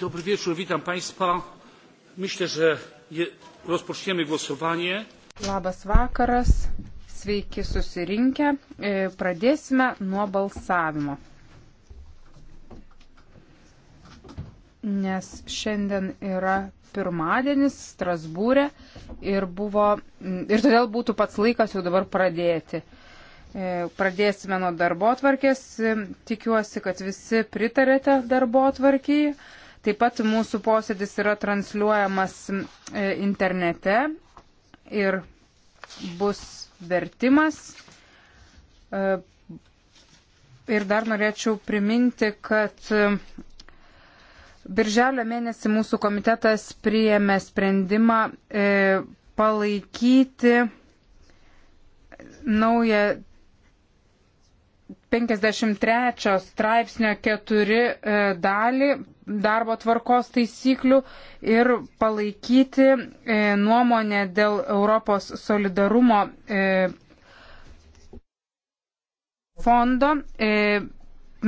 Dobry wieczór, witam Państwa. Myślę, że rozpoczniemy głosowanie. Labas vakaras, sveiki susirinkę. E, pradėsime nuo balsavimo. Nes šiandien yra pirmadienis Strasbūrė ir, buvo, ir todėl būtų pats laikas jau dabar pradėti. E, pradėsime nuo darbo atvarkės. Tikiuosi, kad visi pritarėte darbo atvarkiai. Taip pat mūsų posėdis yra transliuojamas e, internete ir bus vertimas. E, ir dar norėčiau priminti, kad e, birželio mėnesį mūsų komitetas priėmė sprendimą palaikyti naują 53 straipsnio 4 e, dalį darbo tvarkos taisyklių ir palaikyti e, nuomonę dėl Europos solidarumo e, fondo.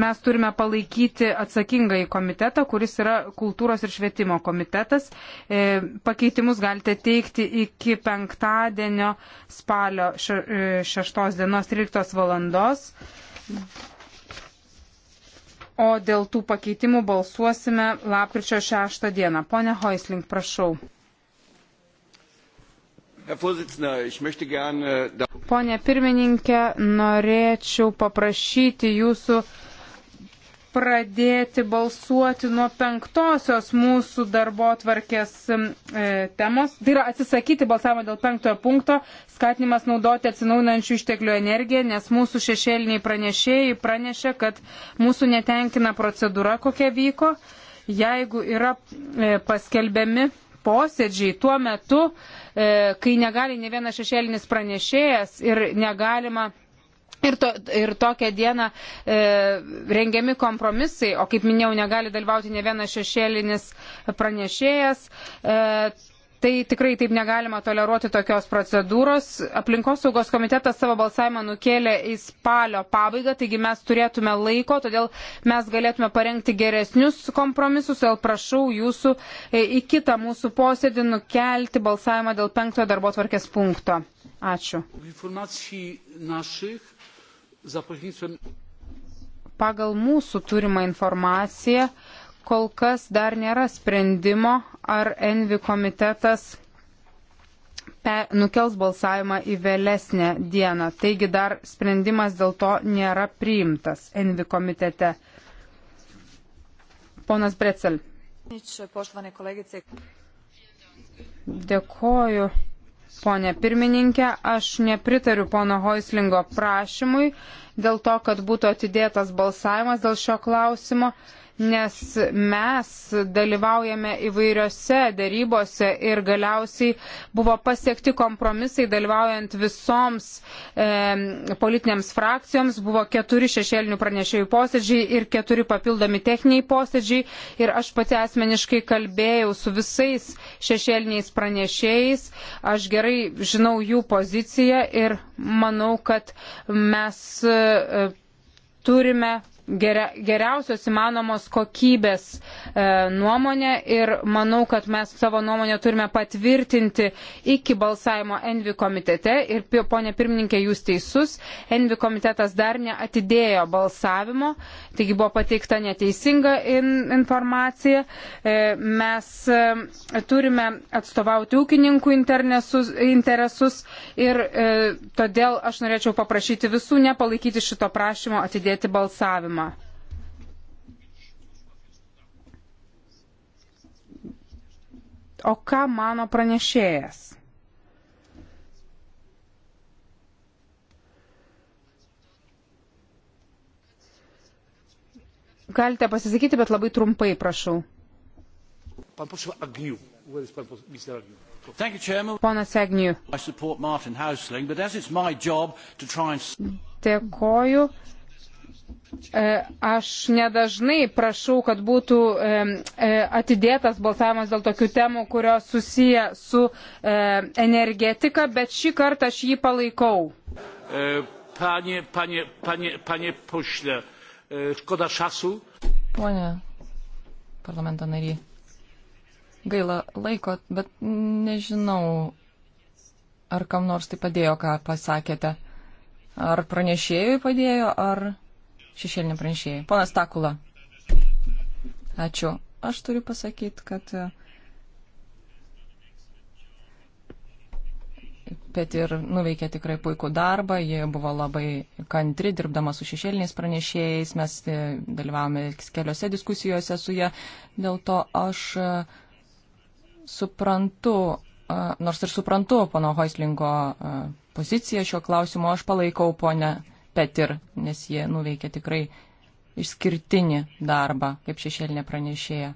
Mes turime palaikyti atsakingą į komitetą, kuris yra kultūros ir švietimo komitetas. Pakeitimus galite teikti iki penktadienio spalio 6 dienos 13 valandos. O dėl tų pakeitimų balsuosime lapkričio 6 dieną. Pone Hoisling, prašau. Pone pirmininkė, norėčiau paprašyti jūsų pradėti balsuoti nuo penktosios mūsų darbo tvarkės e, temos. Tai yra atsisakyti balsavimo dėl penktojo punkto, skatinimas naudoti atsinaunančių išteklių energiją, nes mūsų šešėliniai pranešėjai pranešė, kad mūsų netenkina procedūra, kokia vyko. Jeigu yra e, paskelbiami posėdžiai tuo metu, e, kai negali ne vienas šešėlinis pranešėjas ir negalima Ir, to, ir tokią dieną e, rengiami kompromisai, o kaip minėjau, negali dalyvauti ne vienas šešėlinis pranešėjas. E, Tai tikrai taip negalima toleruoti tokios procedūros. Aplinkosaugos komitetas savo balsavimą nukėlė į spalio pabaigą, taigi mes turėtume laiko, todėl mes galėtume parengti geresnius kompromisus. Todėl prašau jūsų e, į kitą mūsų posėdį nukelti balsavimą dėl penktojo darbo tvarkės punkto. Ačiū. Informacijai našich za pośrednictwem. Pagal mūsų turimą informaciją, kol kas dar nėra sprendimo, ar Envi komitetas pe, nukels balsavimą į vėlesnę dieną. Taigi dar sprendimas dėl to nėra priimtas Envi komitete. Ponas Brecel. Dėkoju ponė pirmininkė, aš nepritariu pono Hoislingo prašymui dėl to, kad būtų atidėtas balsavimas dėl šio klausimo nes mes dalyvaujame įvairiose darybose ir galiausiai buvo pasiekti kompromisai dalyvaujant visoms e, politinėms frakcijoms, buvo keturi šešėlinių pranešėjų posėdžiai ir keturi papildomi techniniai posėdžiai ir aš pati asmeniškai kalbėjau su visais šešėliniais pranešėjais, aš gerai žinau jų poziciją ir manau, kad mes e, turime geria, geriausios įmanomos kokybės e, nuomonę ir manau, kad mes savo nuomonę turime patvirtinti iki balsavimo Envi komitete ir, ponė pirmininkė, jūs teisus, Envi komitetas dar neatidėjo balsavimo, taigi buvo pateikta neteisinga in, informacija. E, mes e, turime atstovauti ūkininkų interesus, interesus ir e, todėl aš norėčiau paprašyti visų nepalaikyti šito prašymo atidėti balsavimą reformą. O ką mano pranešėjas? Galite pasisakyti, bet labai trumpai, prašau. Ponas Agniu. Dėkoju. E, aš nedažnai prašau, kad būtų e, e, atidėtas balsavimas dėl tokių temų, kurios susiję su energetika, bet šį kartą aš jį palaikau. Panie, panie, panie, panie pošlė, škoda šasų. Pone parlamento nary, gaila laiko, bet nežinau, ar kam nors tai padėjo, ką pasakėte. Ar pranešėjui padėjo, ar šešėlinį pranešėjai. Ponas Takula. Ačiū. Aš turiu pasakyti, kad Petir nuveikė tikrai puikų darbą, ji buvo labai kantri, dirbdama su šešėliniais pranešėjais, mes e, dalyvavome keliose diskusijose su jie, dėl to aš e, suprantu, e, nors ir suprantu pono Hoislingo poziciją šiuo klausimu, aš palaikau ponę Petir, nes jie nuveikė tikrai išskirtinį darbą kaip šešėlinė pranešėja.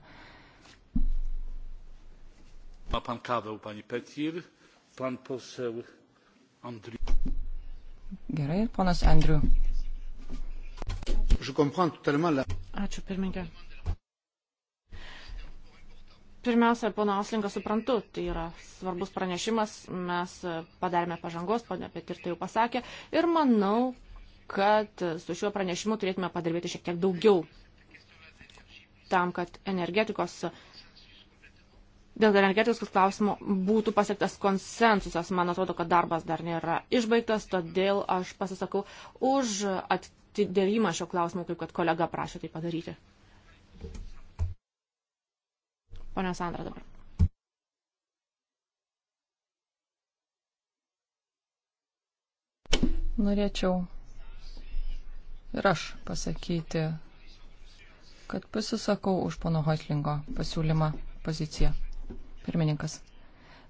Pan Pavel, pani Petir, pan posel Andriu. Gerai, ponas Andriu. Ačiū pirmininkė. Pirmiausia, pono Oslinga, suprantu, tai yra svarbus pranešimas, mes padarėme pažangos, ponia Petir tai jau pasakė, ir manau, kad su šiuo pranešimu turėtume padirbėti šiek tiek daugiau tam, kad energetikos, dėl energetikos klausimų būtų pasiektas konsensusas. Man atrodo, kad darbas dar nėra išbaigtas, todėl aš pasisakau už atidėlimą šio klausimo, kaip kad kolega prašė tai padaryti. Pone Sandra dabar. Norėčiau ir aš pasakyti, kad pasisakau už pono Hoitlingo pasiūlymą poziciją. Pirmininkas.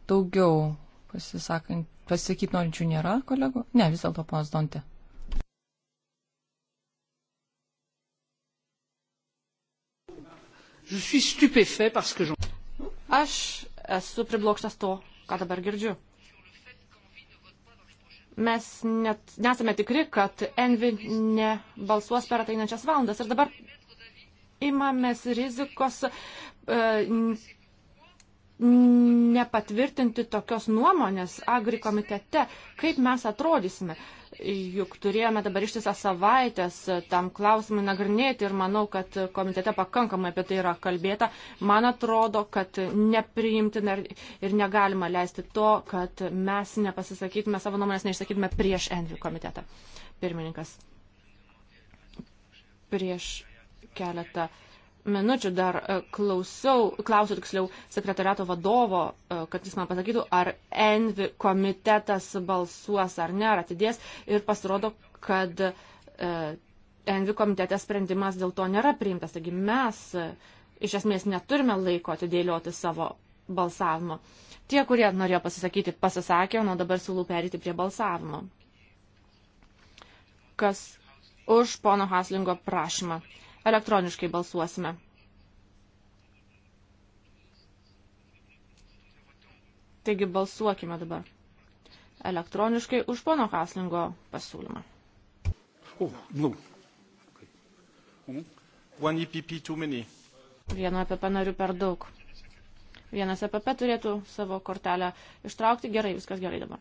Daugiau pasisakyti norinčių nėra, kolegų? Ne, vis dėlto ponas Donte. Aš esu priblokštas to, ką dabar girdžiu mes net nesame tikri, kad Envi nebalsuos per ateinančias valandas. Ir dabar imamės rizikos e, nepatvirtinti tokios nuomonės agri komitete, kaip mes atrodysime. E, juk turėjome dabar ištisą savaitęs tam klausimui nagrinėti ir manau, kad komitete pakankamai apie tai yra kalbėta. Man atrodo, kad nepriimtina ir negalima leisti to, kad mes nepasisakytume savo nuomonės, neišsakytume prieš Envi komitetą. Pirmininkas. Prieš keletą minučių dar e, klausiau, klausiau tiksliau sekretariato vadovo, e, kad jis man pasakytų, ar Envi komitetas balsuos ar ne, ar atidės. Ir pasirodo, kad e, Envi komitetės sprendimas dėl to nėra priimtas. Taigi mes iš esmės neturime laiko atidėlioti savo balsavimo. Tie, kurie norėjo pasisakyti, pasisakė, o dabar siūlau perėti prie balsavimo. Kas už pono Haslingo prašymą? Elektroniškai balsuosime. Taigi balsuokime dabar elektroniškai už pono Haslingo pasiūlymą. Oh, blue. Nu. One EPP too many. Vieno EPP narių per daug. Vienas EPP turėtų savo kortelę ištraukti. Gerai, viskas gerai dabar.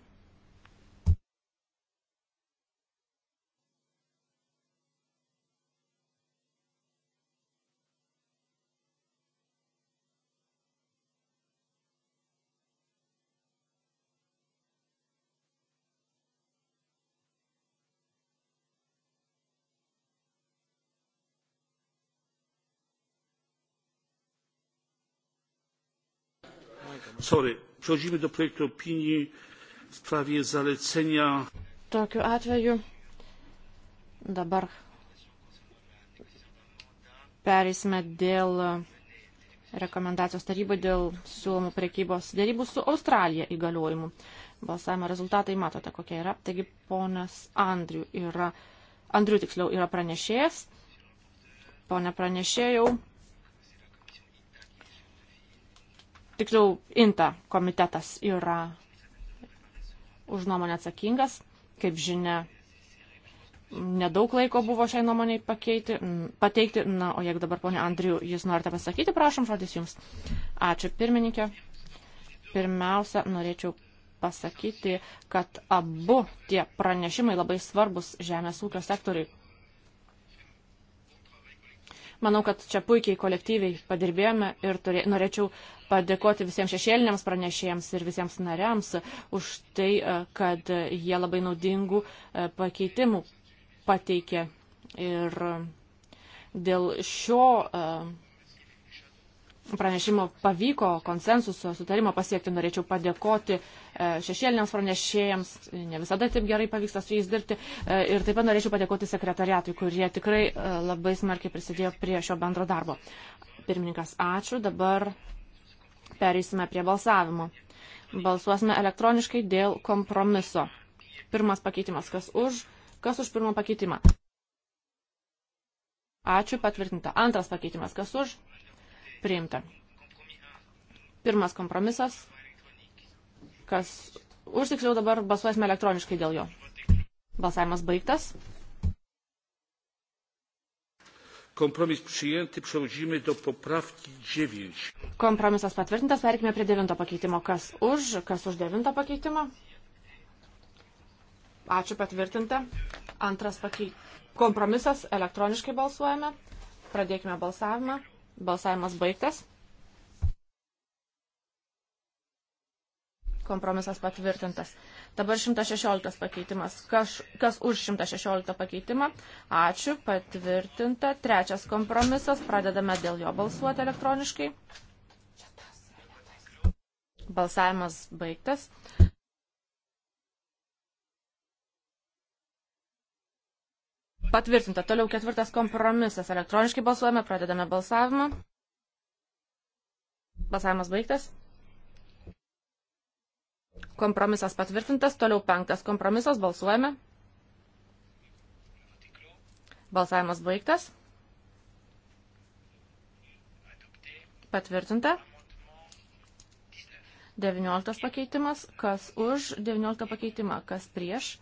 Sorry. Przechodzimy do projektu opinii w sprawie zalecenia. Tokiu atveju dabar perėsime dėl rekomendacijos tarybai dėl siūlomų prekybos dėrybų su Australija įgaliojimu. Balsavimo rezultatai matote, kokie yra. Taigi ponas Andriu yra, Andriu tiksliau yra pranešėjas. Pone pranešėjau, tiksliau, INTA komitetas yra už nuomonę atsakingas. Kaip žinia, nedaug laiko buvo šiai nuomoniai pakeiti, pateikti. Na, o jeigu dabar, ponė Andriu, jūs norite pasakyti, prašom, žodis jums. Ačiū, pirmininkė. Pirmiausia, norėčiau pasakyti, kad abu tie pranešimai labai svarbus žemės ūkio sektoriui. Manau, kad čia puikiai kolektyviai padirbėjome ir turė, norėčiau padėkoti visiems šešėliniams pranešėjams ir visiems nariams už tai, e, kad jie labai naudingų e, pakeitimų pateikė. Ir e, dėl šio pranešimo pavyko konsensuso sutarimo pasiekti. Norėčiau padėkoti e, šešėliniams pranešėjams, ne visada taip gerai pavyksta su jais dirbti. E, ir taip pat norėčiau padėkoti sekretariatui, kurie tikrai e, labai smarkiai prisidėjo prie šio bendro darbo. Pirmininkas, ačiū. Dabar pereisime prie balsavimo. Balsuosime elektroniškai dėl kompromiso. Pirmas pakeitimas, kas už, kas už pirmą pakeitimą. Ačiū, patvirtinta. Antras pakeitimas, kas už, Priimta. Pirmas kompromisas. Kas užtiksliau dabar balsuosime elektroniškai dėl jo. Balsavimas baigtas. Kompromis przyjęty. Przechodzimy do poprawki 9. Kompromisas patvirtintas. Perkime prie devinto pakeitimo. Kas už, kas už devinto pakeitimo? Ačiū patvirtinta. Antras pakeit... kompromisas. Elektroniškai balsuojame. Pradėkime balsavimą. Balsavimas baigtas. Kompromisas patvirtintas. Dabar 116 pakeitimas. Kas, kas už 116 pakeitimą? Ačiū, patvirtinta. Trečias kompromisas. Pradedame dėl jo balsuoti elektroniškai. Balsavimas baigtas. Patvirtinta. Toliau ketvirtas kompromisas. Elektroniškai balsuojame, pradedame balsavimą. Balsavimas baigtas. Kompromisas patvirtintas. Toliau penktas kompromisas. Balsuojame. Balsavimas baigtas. Patvirtinta. 19 pakeitimas. Kas už 19 pakeitimą? Kas prieš?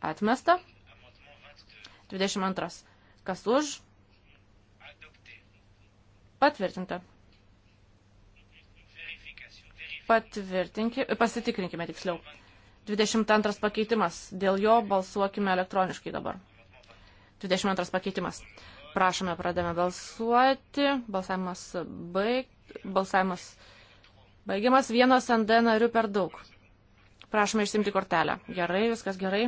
Atmesta. 22. Kas už? Patvirtinta. Pasitikrinkime tiksliau. 22 pakeitimas. Dėl jo balsuokime elektroniškai dabar. 22 pakeitimas. Prašome, pradame balsuoti. Balsavimas, baig... Balsavimas baigiamas. Vienas ND narių per daug. Prašome išsimti kortelę. Gerai, viskas gerai.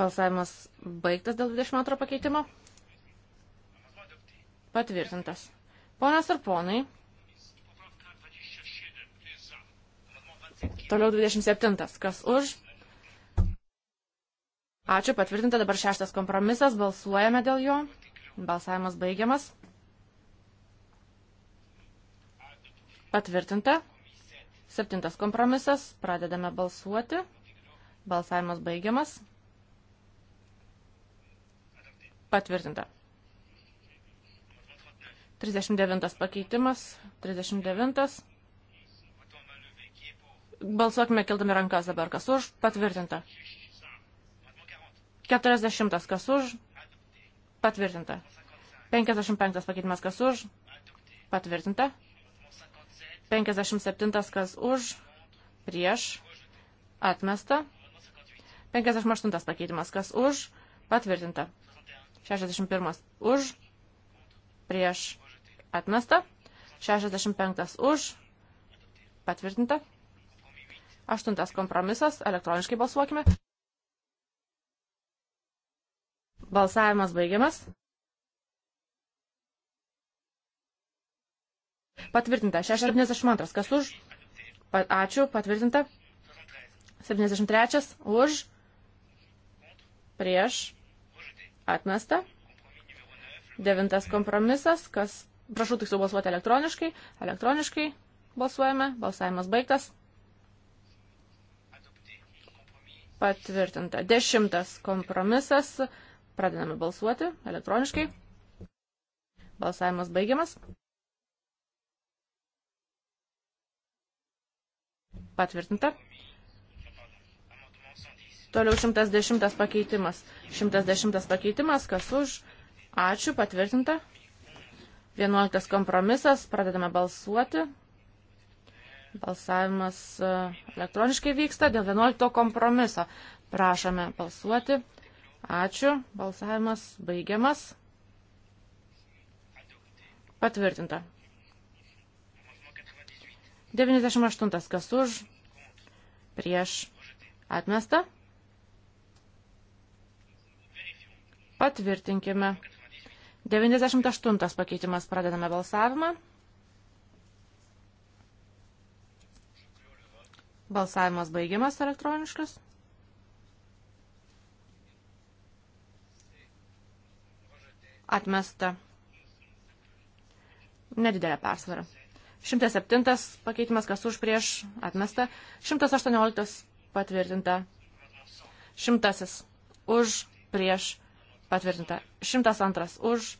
Balsavimas baigtas dėl 22 pakeitimo. Patvirtintas. Ponas ir ponai. Toliau 27. Kas už? Ačiū, patvirtinta dabar šeštas kompromisas. Balsuojame dėl jo. Balsavimas baigiamas. Patvirtinta. Septintas kompromisas. Pradedame balsuoti. Balsavimas baigiamas. Patvirtinta. 39 pakeitimas. 39. Balsuokime kildami rankas dabar, kas už. Patvirtinta. 40 kas už. Patvirtinta. 55 pakeitimas kas už. Patvirtinta. 57 kas už. Prieš. Atmesta. 58 pakeitimas kas už. Patvirtinta. 61 už, prieš atmesta, 65 už, patvirtinta. Aštuntas kompromisas, elektroniškai balsuokime. Balsavimas baigiamas. Patvirtinta, 72, kas už, pa, ačiū, patvirtinta. 73 už, prieš, Atmesta. Devintas kompromisas, kas, prašau tiksliau balsuoti elektroniškai, elektroniškai balsuojame, balsavimas baigtas. Patvirtinta. Dešimtas kompromisas, pradedame balsuoti elektroniškai. Balsavimas baigiamas. Patvirtinta. Toliau 110 pakeitimas. 110 pakeitimas, kas už. Ačiū, patvirtinta. 11 kompromisas, pradedame balsuoti. Balsavimas e, elektroniškai vyksta dėl 11 kompromiso. Prašome balsuoti. Ačiū, balsavimas baigiamas. Patvirtinta. 98 kas už, prieš atmesta. Patvirtinkime. 98 pakeitimas pradedame balsavimą. Balsavimas baigiamas elektroniškas. Atmesta. Nedidelė persvara. 107 pakeitimas kas už prieš atmesta. 118 patvirtinta. 100 už prieš Patvirtinta. 102 už,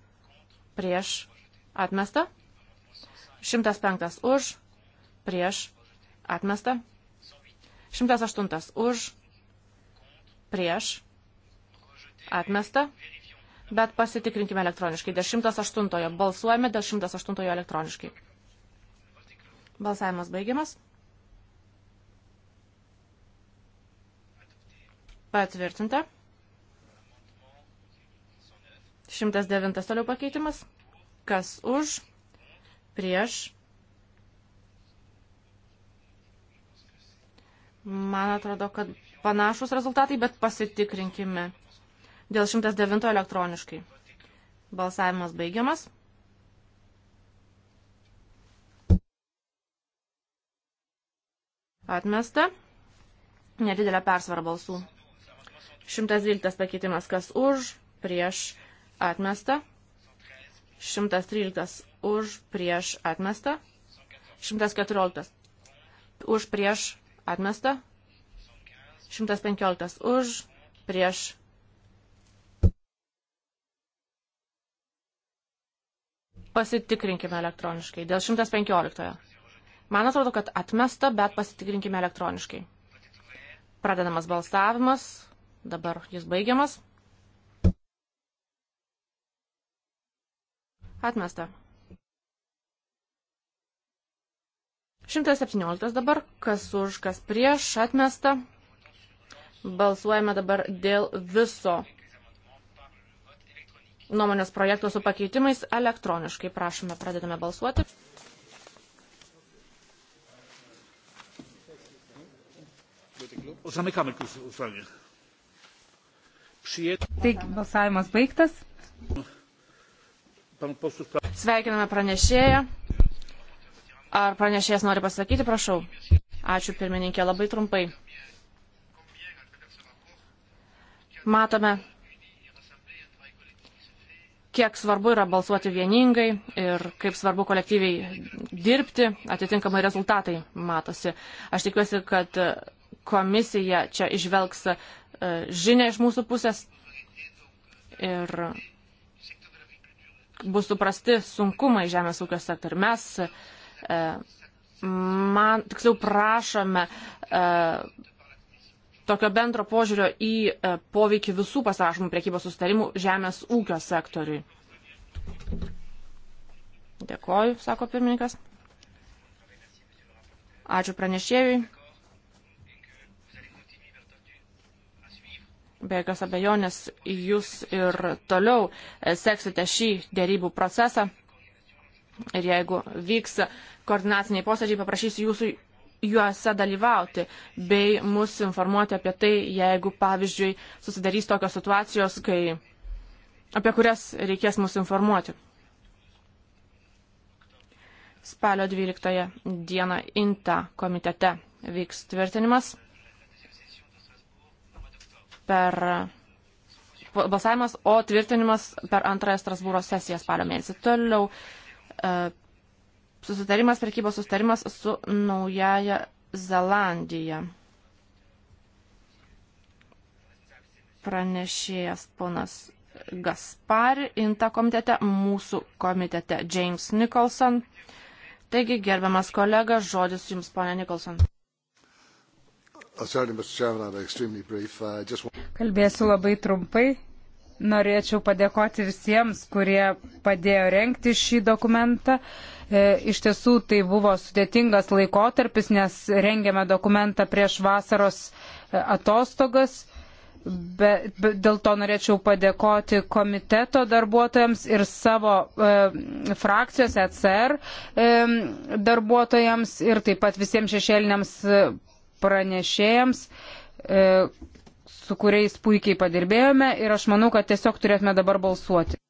prieš, atmesta. 105 už, prieš, atmesta. 108 už, prieš, atmesta. Bet pasitikrinkime elektroniškai. Dėl 108 balsuojame, dėl 108 elektroniškai. Balsavimas baigiamas. Patvirtinta. 109 toliau pakeitimas. Kas už, prieš. Man atrodo, kad panašus rezultatai, bet pasitikrinkime. Dėl 109 elektroniškai. Balsavimas baigiamas. Atmesta. Nedidelė persvara balsų. 112 pakeitimas kas už, prieš atmesta. 113 už prieš atmestą. 114 už prieš atmestą. 115 už prieš. Pasitikrinkime elektroniškai. Dėl 115. Man atrodo, kad atmesta, bet pasitikrinkime elektroniškai. Pradedamas balsavimas. Dabar jis baigiamas. Atmesta. 117 dabar, kas už, kas prieš, atmesta. Balsuojame dabar dėl viso nuomonės projekto su pakeitimais elektroniškai. Prašome, pradedame balsuoti. Zamykamy głosowanie. Taigi, balsavimas baigtas. Sveikiname pranešėją. Ar pranešėjas nori pasakyti, prašau? Ačiū pirmininkė, labai trumpai. Matome, kiek svarbu yra balsuoti vieningai ir kaip svarbu kolektyviai dirbti, atitinkamai rezultatai matosi. Aš tikiuosi, kad komisija čia išvelgs e, žinę iš mūsų pusės ir bus suprasti sunkumai žemės ūkio sektoriu. Mes e, man tiksliau prašome e, tokio bendro požiūrio į e, poveikį visų pasirašomų priekybos sustarimų žemės ūkio sektoriui. Dėkoju, sako pirmininkas. Ačiū pranešėjui. Be jokios abejonės, jūs ir toliau e, seksite šį dėrybų procesą. Ir jeigu vyks koordinaciniai posėdžiai, paprašysiu jūsų juose dalyvauti, bei mus informuoti apie tai, jeigu, pavyzdžiui, susidarys tokios situacijos, kai, apie kurias reikės mus informuoti. Spalio 12 dieną INTA komitete vyks tvirtinimas per balsavimas, o tvirtinimas per antrąją Strasbūro sesiją spalio mėnesį. Toliau e, susitarimas, prekybos susitarimas su Naujaja Zelandija. Pranešėjas ponas Gaspari, Inta komitete, mūsų komitete James Nicholson. Taigi, gerbiamas kolega, žodis jums, ponė Nicholson. Uh, Kalbėsiu labai trumpai. Norėčiau padėkoti visiems, kurie padėjo renkti šį dokumentą. E, iš tiesų tai buvo sudėtingas laikotarpis, nes rengėme dokumentą prieš vasaros e, atostogas. Be, be, dėl to norėčiau padėkoti komiteto darbuotojams ir savo e, frakcijos ECR e, darbuotojams ir taip pat visiems šešėliniams pranešėjams, e, su kuriais puikiai padirbėjome ir aš manau, kad tiesiog turėtume dabar balsuoti.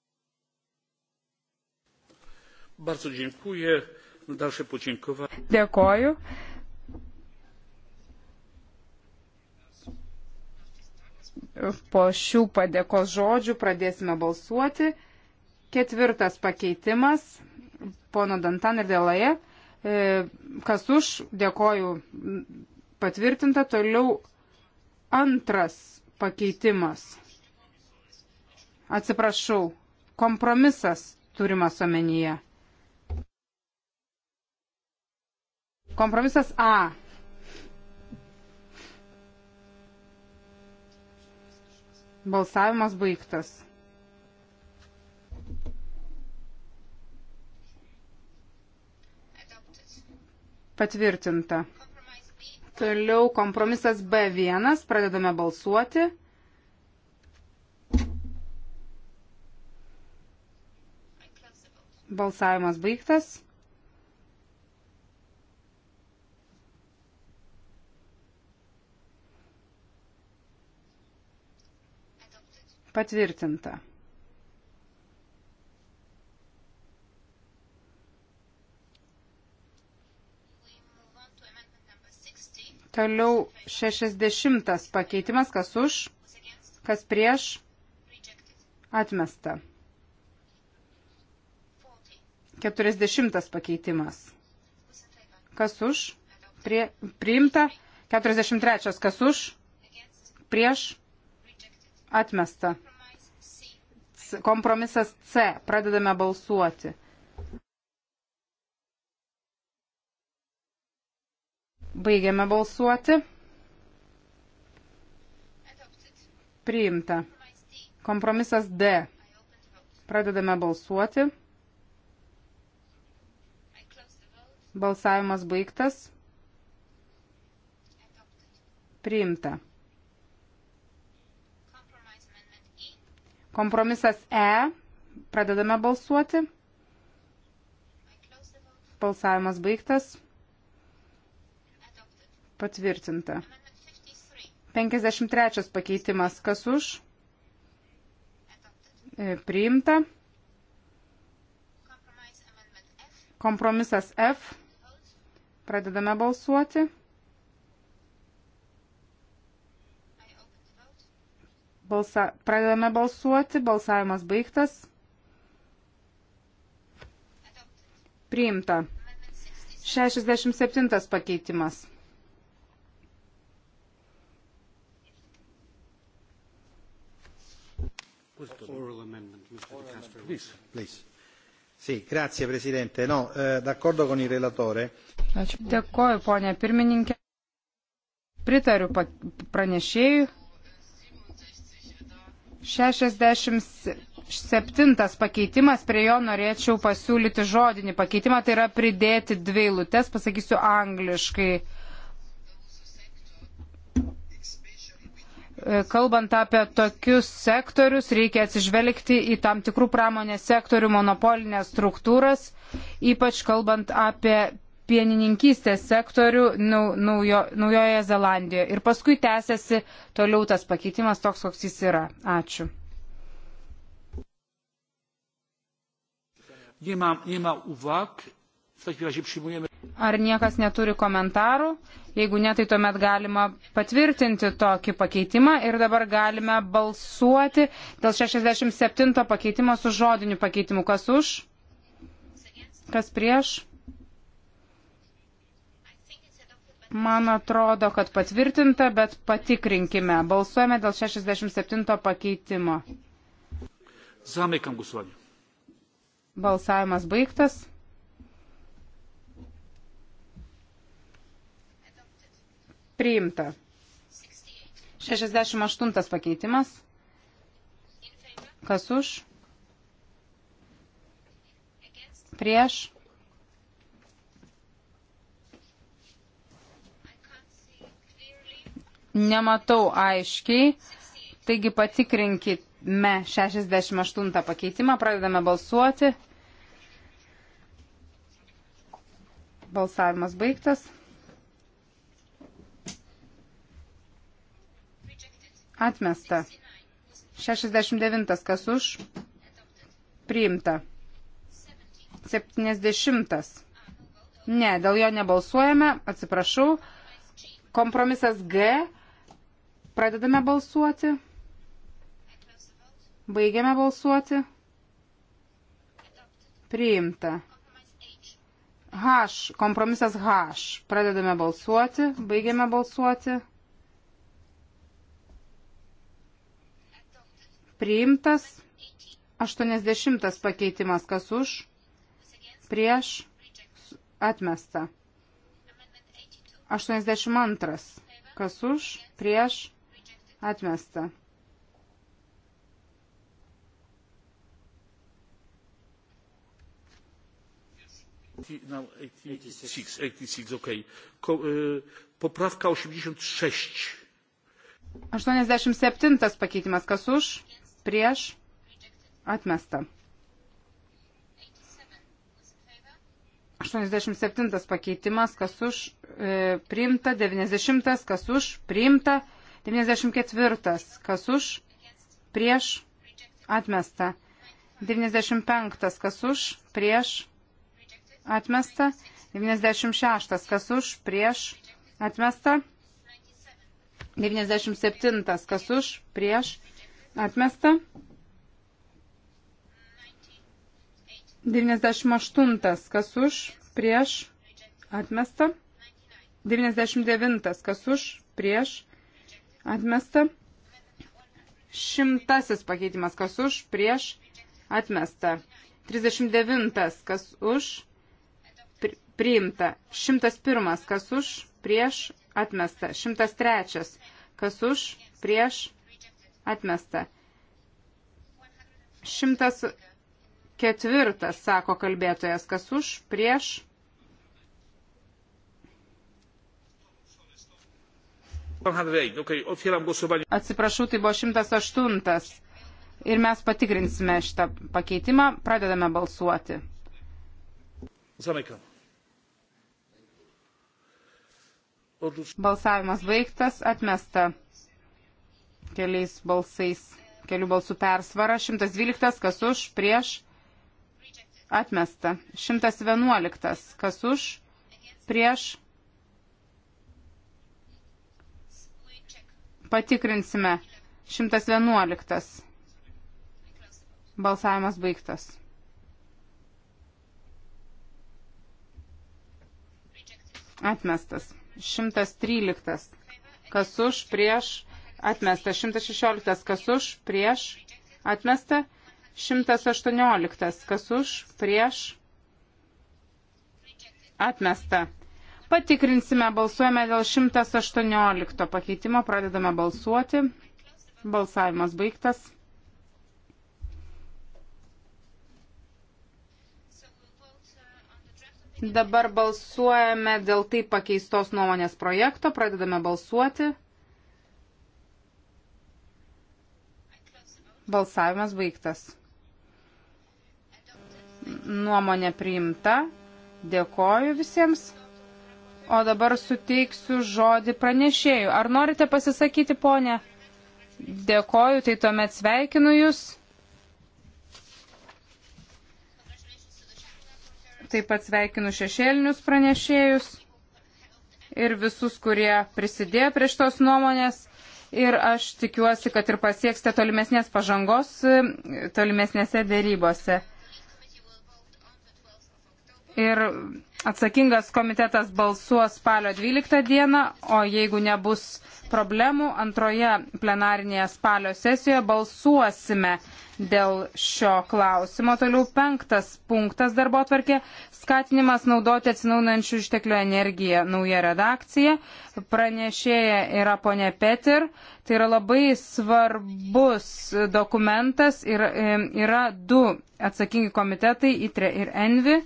Dėkoju. Po šių padėkos žodžių pradėsime balsuoti. Ketvirtas pakeitimas pono Dantan ir Dėlaje. E, kas už, dėkoju patvirtinta. Toliau antras pakeitimas. Atsiprašau, kompromisas turimas omenyje. Kompromisas A. Balsavimas baigtas. Patvirtinta. Toliau kompromisas B1. Pradedame balsuoti. Balsavimas baigtas. Patvirtinta. Toliau 60 pakeitimas, kas už, kas prieš, atmesta. 40 pakeitimas. Kas už, prie, priimta. 43 kas už, prieš, atmesta. Kompromisas C. Pradedame balsuoti. Baigiame balsuoti. Priimta. Kompromisas D. Pradedame balsuoti. Balsavimas baigtas. Priimta. Kompromisas E. Pradedame balsuoti. Balsavimas baigtas. Patvirtinta. 53 pakeitimas. Kas už? E, priimta. Kompromisas F. Pradedame balsuoti. Balsa, pradedame balsuoti. Balsavimas baigtas. Priimta. 67 pakeitimas. Please. Please. Sì, grazie Presidente. No, eh, d'accordo con il relatore. Ačiū. Dėkoju, ponė pirmininkė. Pritariu pranešėjui. 67 pakeitimas, prie jo norėčiau pasiūlyti žodinį pakeitimą, tai yra pridėti dvi lūtes, pasakysiu angliškai. E, kalbant apie tokius sektorius, reikia atsižvelgti į tam tikrų pramonės sektorių monopolinės struktūras, ypač kalbant apie pienininkystės sektorių naujo, Naujoje Zelandijoje. Ir paskui tęsiasi toliau tas pakeitimas toks, koks jis yra. Ačiū. Nie ma, nie ma uwag. Ar niekas neturi komentarų? Jeigu ne, tai tuomet galima patvirtinti tokį pakeitimą ir dabar galime balsuoti dėl 67 pakeitimo su žodiniu pakeitimu. Kas už? Kas prieš? Man atrodo, kad patvirtinta, bet patikrinkime. Balsuojame dėl 67 pakeitimo. Zamykam gusuonį. Balsavimas baigtas. Priimta. 68 pakeitimas. Kas už? Prieš? Nematau aiškiai, taigi patikrinkime 68 pakeitimą, pradedame balsuoti. Balsavimas baigtas. Atmesta. 69. Kas už? Priimta. 70. Ne, dėl jo nebalsuojame. Atsiprašau. Kompromisas G. Pradedame balsuoti. Baigiame balsuoti. Priimta. H. Kompromisas H. Pradedame balsuoti. Baigiame balsuoti. priimtas 80 pakeitimas, kas už, prieš, atmesta. 82, kas už, prieš, atmesta. No, 86, 86, okay. Ko, y, poprawka 86. 87 pakeitimas, kas už, prieš, atmesta. 87 pakeitimas, kas už e, priimta, 90, kas už priimta, 94, kas už prieš, atmesta. 95, kas už prieš, atmesta. 96, kas už prieš, atmesta. 97, kas už prieš, atmesta. Atmesta. 98. Kas už? Prieš. Atmesta. 99. Kas už? Prieš. Atmesta. Šimtasis pakeitimas. Kas už? Prieš. Atmesta. 39. Kas už? Priimta. 101. Kas už? Prieš. Atmesta. 103. Kas už? Prieš Atmesta. Šimtas ketvirtas, sako kalbėtojas, kas už, prieš. Atsiprašau, tai buvo 108. Ir mes patikrinsime šitą pakeitimą, pradedame balsuoti. Zamykam. Balsavimas baigtas, atmesta keliais balsais, kelių balsų persvara. 112, kas už, prieš, atmesta. 111, kas už, prieš. Patikrinsime. 111. Balsavimas baigtas. Atmestas. 113. Kas už, prieš, atmesta. 116 kas už, prieš, atmesta. 118 kas už, prieš, atmesta. Patikrinsime, balsuojame dėl 118 pakeitimo, pradedame balsuoti. Balsavimas baigtas. Dabar balsuojame dėl taip pakeistos nuomonės projekto, pradedame balsuoti. Balsavimas baigtas. Nuomonė priimta. Dėkoju visiems. O dabar suteiksiu žodį pranešėjų. Ar norite pasisakyti, ponė? Dėkoju, tai tuomet sveikinu Jūs. Taip pat sveikinu šešėlinius pranešėjus ir visus, kurie prisidėjo prie šitos nuomonės ir aš tikiuosi, kad ir pasieksite tolimesnės pažangos tolimesnėse dėrybose. Ir Atsakingas komitetas balsuos spalio 12 dieną, o jeigu nebus problemų, antroje plenarinėje spalio sesijoje balsuosime dėl šio klausimo. Toliau penktas punktas darbo atvarkė - skatinimas naudoti atsinaunančių išteklių energiją nauja redakcija. Pranešėja yra ponė Petir. Tai yra labai svarbus dokumentas ir e, yra du atsakingi komitetai - ITRE ir ENVI.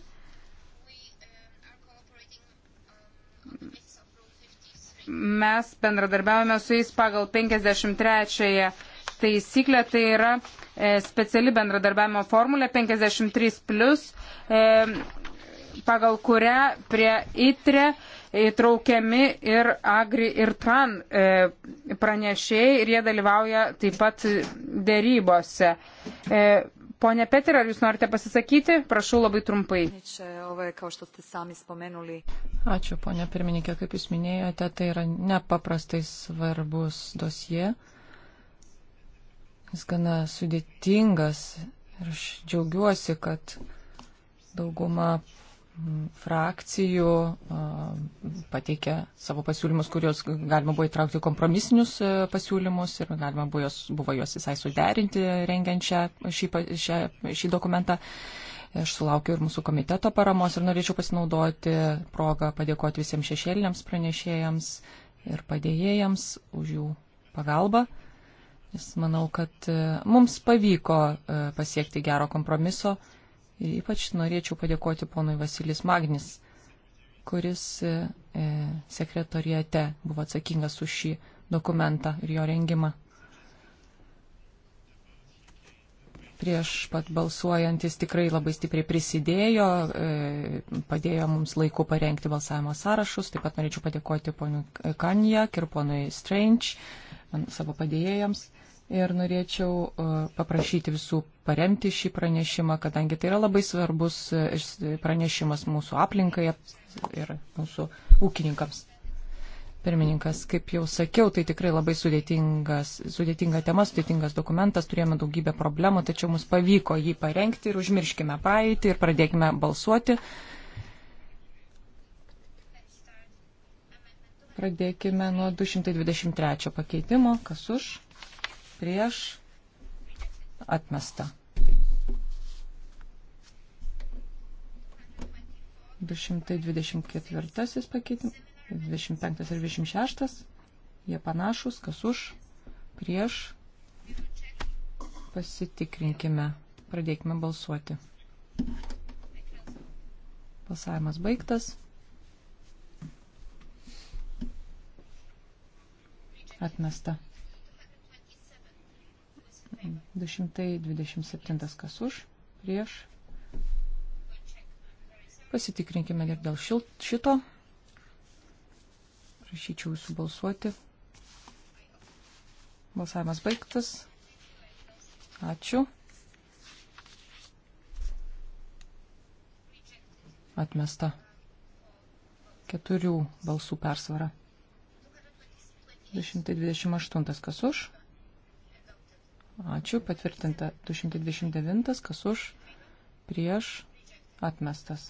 mes bendradarbiavome su jais pagal 53 taisyklę, tai yra e, speciali bendradarbiavimo formulė 53 plus, e, pagal kurią prie ITRE įtraukiami ir Agri ir TRAN e, pranešėjai ir jie dalyvauja taip pat dėrybose. Pone Petir, ar jūs norite pasisakyti? Prašau labai trumpai. Ačiū, ponė pirmininkė. Kaip jūs minėjote, tai yra nepaprastai svarbus dosie. Jis gana sudėtingas ir aš džiaugiuosi, kad dauguma frakcijų pateikė savo pasiūlymus, kuriuos galima buvo įtraukti kompromisinius pasiūlymus ir galima buvo juos, buvo juos visai suderinti rengiant šią, šį, šią, šį dokumentą. Aš sulaukiu ir mūsų komiteto paramos ir norėčiau pasinaudoti progą padėkoti visiems šešėliniams pranešėjams ir padėjėjams už jų pagalbą. Nes manau, kad mums pavyko pasiekti gero kompromiso Ir ypač norėčiau padėkoti ponui Vasilis Magnis, kuris e, e sekretorijate buvo atsakingas už šį dokumentą ir jo rengimą. prieš pat balsuojantis tikrai labai stipriai prisidėjo, e, padėjo mums laiku parengti balsavimo sąrašus. Taip pat norėčiau padėkoti ponui Kanjak ir ponui Strange, savo padėjėjams ir norėčiau e, paprašyti visų paremti šį pranešimą, kadangi tai yra labai svarbus e, pranešimas mūsų aplinkai ir mūsų ūkininkams. Pirmininkas, kaip jau sakiau, tai tikrai labai sudėtinga tema, sudėtingas dokumentas, turėjome daugybę problemų, tačiau mums pavyko jį parengti ir užmirškime praeitį ir pradėkime balsuoti. Pradėkime nuo 223 pakeitimo, kas už prieš, atmesta. 224 pakeitimas, 25 ir 26, jie panašus, kas už, prieš, pasitikrinkime, pradėkime balsuoti. Balsavimas baigtas. Atmesta. 227 kas už, prieš. Pasitikrinkime ir dėl šito. Prašyčiau jūsų balsuoti. Balsavimas baigtas. Ačiū. Atmesta. Keturių balsų persvara. 228 kas už, Ačiū, patvirtinta 229, kas už, prieš, atmestas.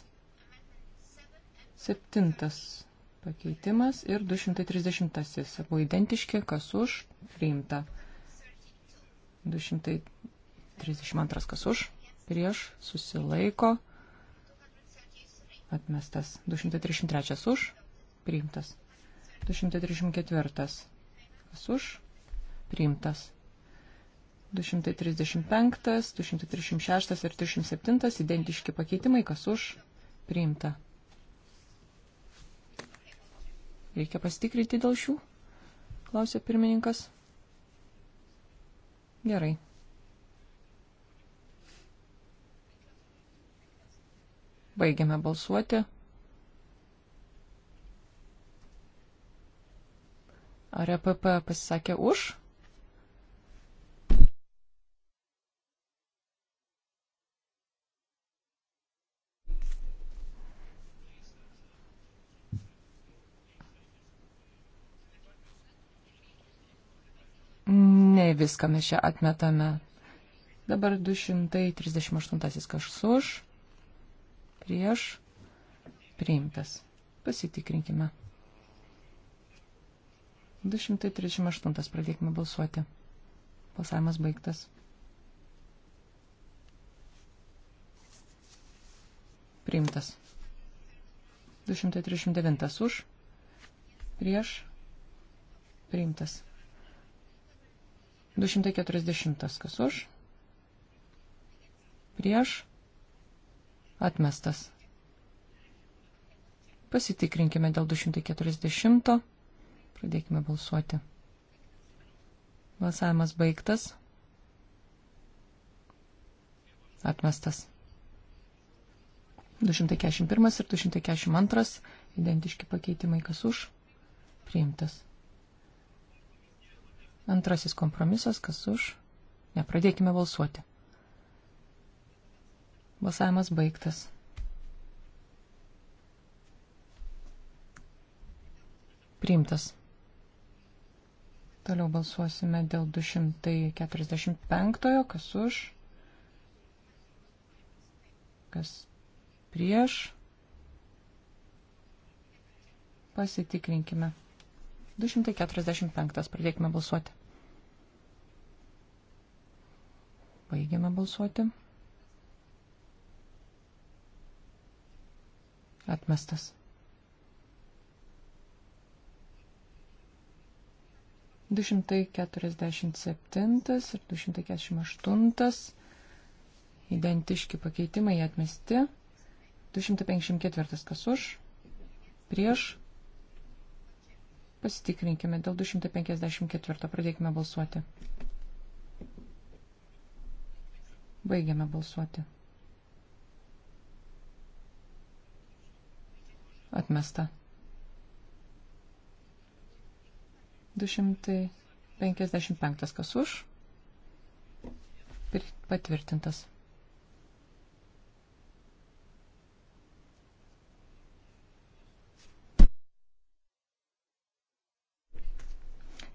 Septintas pakeitimas ir 230. Abu identiški, kas už, priimta. 232, kas už, prieš, susilaiko, atmestas. 233 už, priimtas. 234, kas už, priimtas. 235, 236 ir 307 identiški pakeitimai, kas už priimta. Reikia pasitikrinti dėl šių, klausė pirmininkas. Gerai. Baigiame balsuoti. Ar EPP pasisakė už? viską mes čia atmetame. Dabar 238 kas už, prieš, priimtas. Pasitikrinkime. 238 pradėkime balsuoti. Balsavimas baigtas. Priimtas. 239 už, prieš, priimtas. 240 kas už, prieš, atmestas. Pasitikrinkime dėl 240, pradėkime balsuoti. Balsavimas baigtas, atmestas. 241 ir 242 identiški pakeitimai kas už, priimtas. Antrasis kompromisas, kas už. Nepradėkime balsuoti. Balsavimas baigtas. Priimtas. Toliau balsuosime dėl 245, kas už, kas prieš. Pasitikrinkime. 245. Pradėkime balsuoti. Baigiame balsuoti. Atmestas. 247 ir 248 identiški pakeitimai atmesti. 254 kas už, prieš, Pasitikrinkime dėl 254. Pradėkime balsuoti. Baigiame balsuoti. Atmesta. 255. Kas už? Patvirtintas.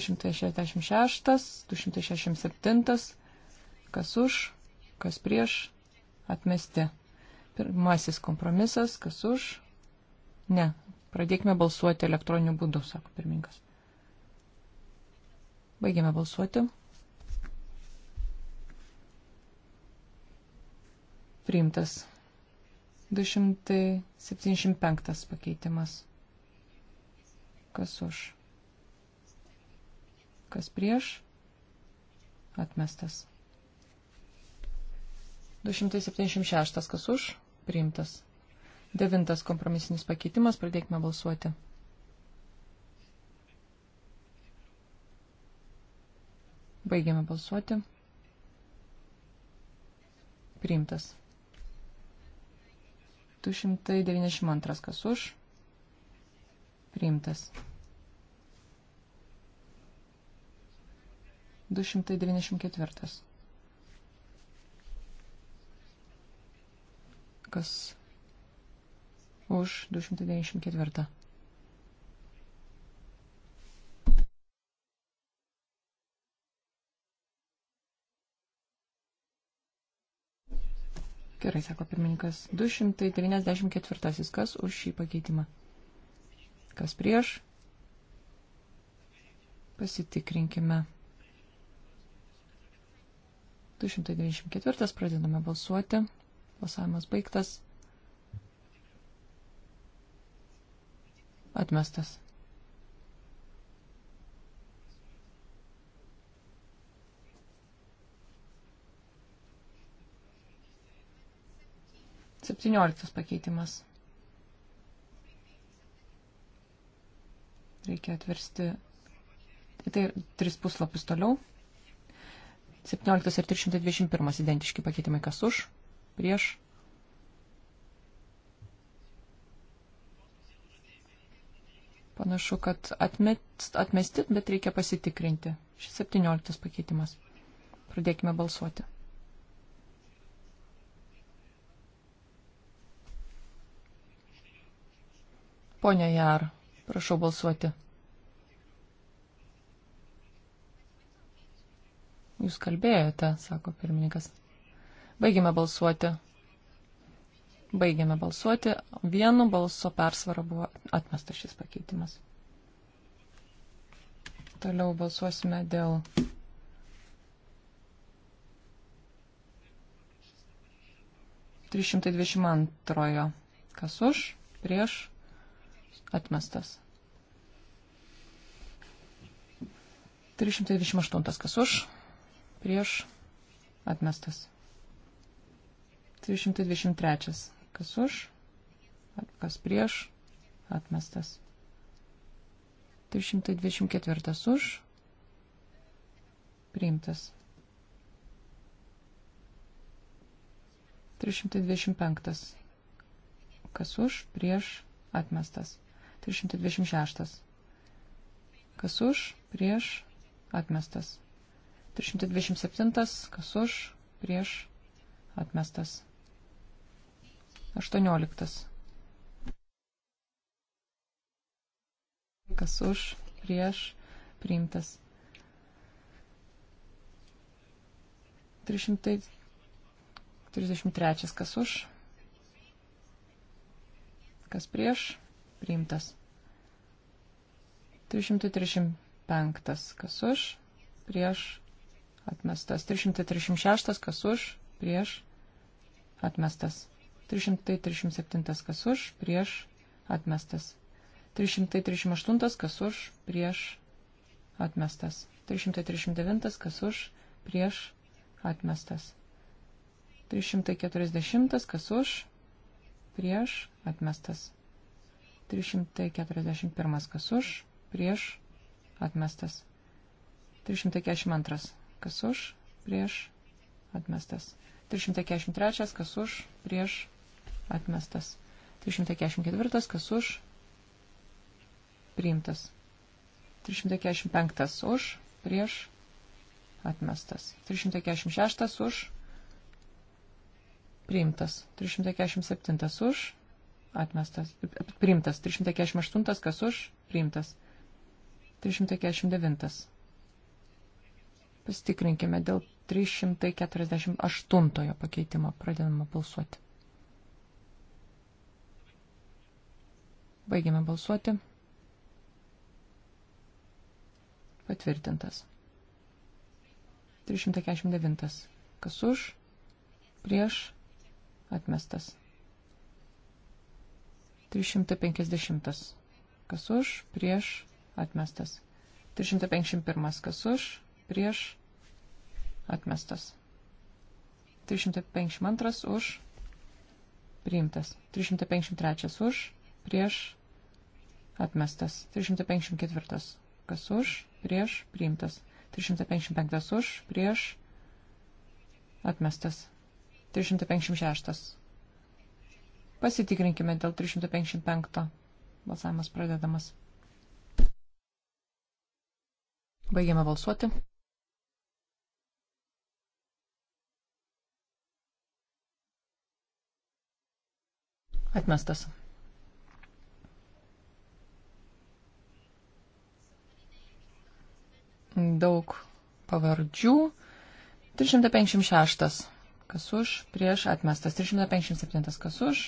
266, 267, kas už, kas prieš, atmesti. Pirmasis kompromisas, kas už, ne, pradėkime balsuoti elektroniniu būdu, sako pirmininkas. Baigėme balsuoti. Priimtas 275 pakeitimas. Kas už? kas prieš, atmestas. 276, kas už, priimtas. Devintas kompromisinis pakeitimas, pradėkime balsuoti. Baigiame balsuoti. Priimtas. 292 kas už. Priimtas. 294. Kas už 294. Gerai, sako pirmininkas. 294. Kas už šį pakeitimą? Kas prieš? Pasitikrinkime. 294 pradedame balsuoti. Balsavimas baigtas. Atmestas. Septynioliktas pakeitimas. Reikia atversti. Tai tris puslapius toliau. 17 ir 321 identiški pakeitimai kas už, prieš. Panašu, kad atmet, atmesti, bet reikia pasitikrinti. Šis 17 pakeitimas. Pradėkime balsuoti. Pone Jar, prašau balsuoti. jūs kalbėjote, sako pirmininkas. Baigime balsuoti. Baigėme balsuoti. Vienu balso persvara buvo atmestas šis pakeitimas. Toliau balsuosime dėl. Trys šimtai dvidešimt antrojo. Kas už, prieš, atmestas. 328 kas už, prieš atmestas. 323. Kas už, kas prieš atmestas. 324 už priimtas. 325. Kas už, prieš atmestas. 326. Kas už, prieš atmestas. 327, kas už, prieš, atmestas. 18. Kas už, prieš, priimtas. 333, kas už, kas prieš, priimtas. 335, kas už, prieš, atmestas. 336 kas už, prieš, atmestas. 337 kas už, prieš, atmestas. 338 kas už, prieš, atmestas. 339 kas už, prieš, atmestas. 340 kas už, prieš, atmestas. 341 kas už, prieš, atmestas. 342 kas už, prieš, atmestas. 343, kas už, prieš, atmestas. 344, kas už, priimtas. 345 už, prieš, atmestas. 346 už, priimtas. 347 už, atmestas. Priimtas. 348 kas už, priimtas. 349 Pastikrinkime dėl 348 pakeitimo. Pradedame balsuoti. Baigiame balsuoti. Patvirtintas. 349. Kas už? Prieš? Atmestas. 350. Kas už? Prieš? Atmestas. 351. Kas už? prieš atmestas. 352 už priimtas. 353 už prieš atmestas. 354 kas už prieš priimtas. 355 už prieš atmestas. 356. Pasitikrinkime dėl 355. Balsavimas pradedamas. Baigiame balsuoti. Atmestas. Daug pavardžių. 356. Kas už, prieš atmestas. 357. Kas už,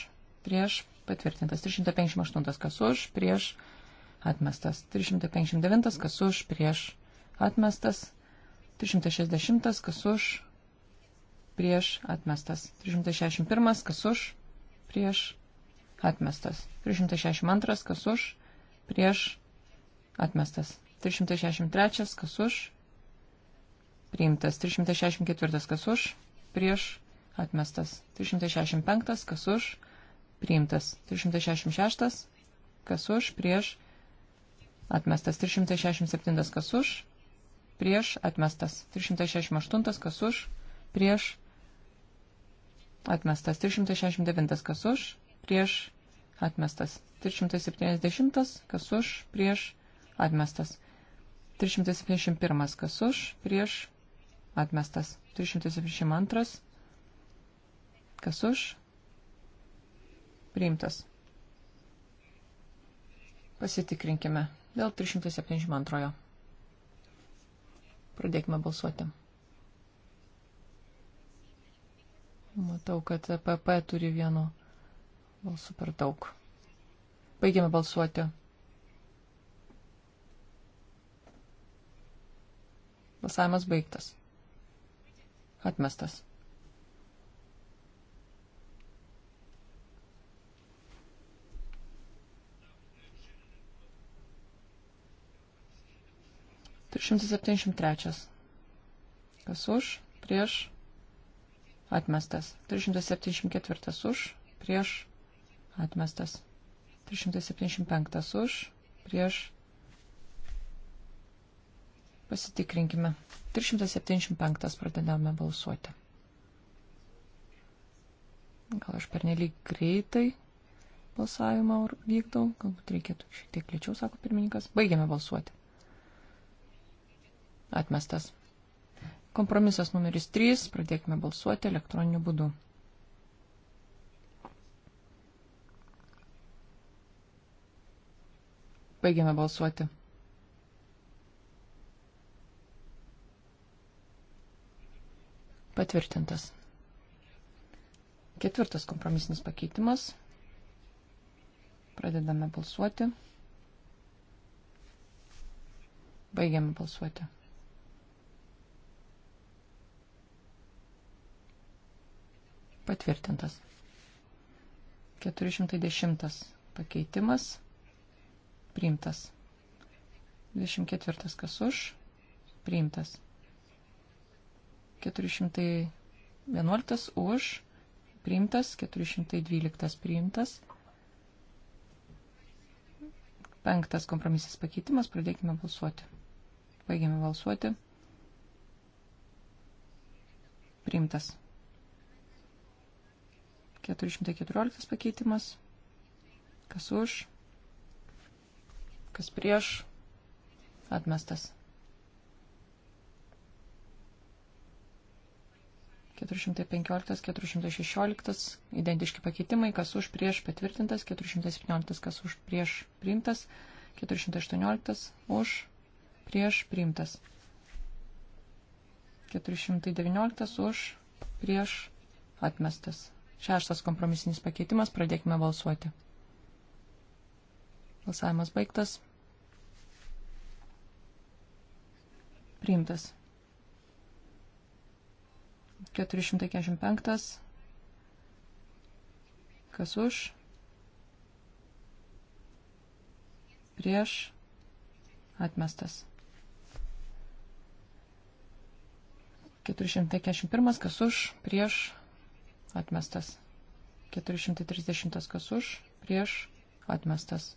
prieš patvirtintas. 358. Kas už, prieš atmestas. 359. Kas už, prieš atmestas. 360. Kas už, prieš atmestas. 361. Kas už, prieš atmestas. 362, kas už, prieš, atmestas. 363, kas už, priimtas. 364, kas už, prieš, atmestas. 365, kas už, priimtas. 366, kas už, prieš, atmestas. 367, kas už, prieš, atmestas. 368, kas už, prieš, atmestas. 369, kas už, prieš atmestas. 370 kas už prieš atmestas. 371 kas už prieš atmestas. 372 kas už priimtas. Pasitikrinkime dėl 372. Pradėkime balsuoti. Matau, kad PP turi vienu Balsų per daug. Baigiame balsuoti. Balsavimas baigtas. Atmestas. Tai 173. Kas už, prieš, atmestas. 374 už, prieš, Atmestas. 375 už. Prieš. Pasitikrinkime. 375 pradedame balsuoti. Gal aš pernelyg greitai balsavimą vykdau, galbūt reikėtų šiek tiek lėčiau, sako pirmininkas. Baigiame balsuoti. Atmestas. Kompromisas numeris 3, pradėkime balsuoti elektroniniu būdu. Baigėme balsuoti. Patvirtintas. Ketvirtas kompromisinis pakeitimas. Pradedame balsuoti. Baigiame balsuoti. Patvirtintas. 410 pakeitimas priimtas. 24 kas už, priimtas. 411 už, priimtas, 412 priimtas. Penktas kompromisas pakeitimas, pradėkime balsuoti. Baigėme balsuoti. Priimtas. 414 pakeitimas. Kas už? kas prieš, atmestas. 415, 416, identiški pakeitimai, kas už prieš patvirtintas, 417, kas už prieš priimtas, 418, už prieš priimtas, 419, už prieš atmestas. Šeštas kompromisinis pakeitimas, pradėkime balsuoti. Balsavimas baigtas. priimtas. 445. Kas už? Prieš. Atmestas. 441. Kas už? Prieš. Atmestas. 430. Kas už? Prieš. Atmestas.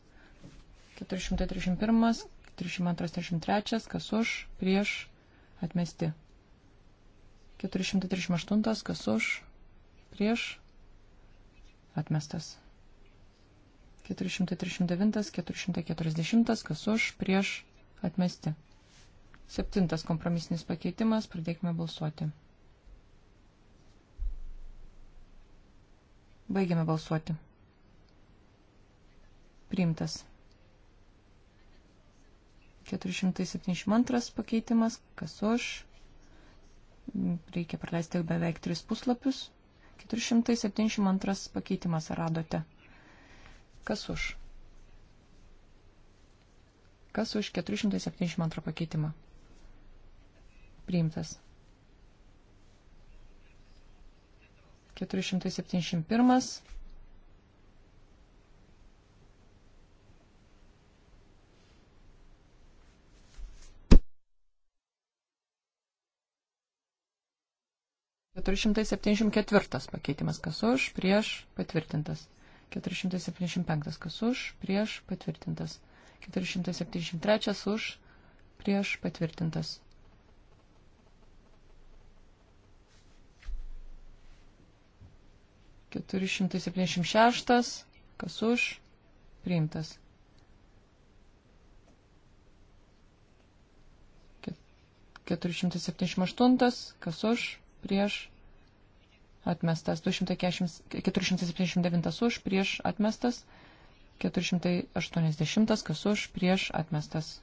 431. 333, kas už, prieš, atmesti. 438, kas už, prieš, atmestas. 439, 440, kas už, prieš, atmesti. Septintas kompromisinis pakeitimas, pradėkime balsuoti. Baigiame balsuoti. Priimtas. 472 pakeitimas, kas už. Reikia praleisti beveik 3 puslapius. 472 pakeitimas radote. Kas už? Kas už 472 pakeitimą? Priimtas. 471 474 pakeitimas kas už, prieš patvirtintas. 475 kas už, prieš patvirtintas. 473 už, prieš patvirtintas. Keturi šimtai septyniasdešimt šeštas, kas už, priimtas. Keturi šimtai septyniasdešimt aštuntas, kas už, prieš atmestas, 479 už, prieš atmestas, 480 kas už, prieš atmestas.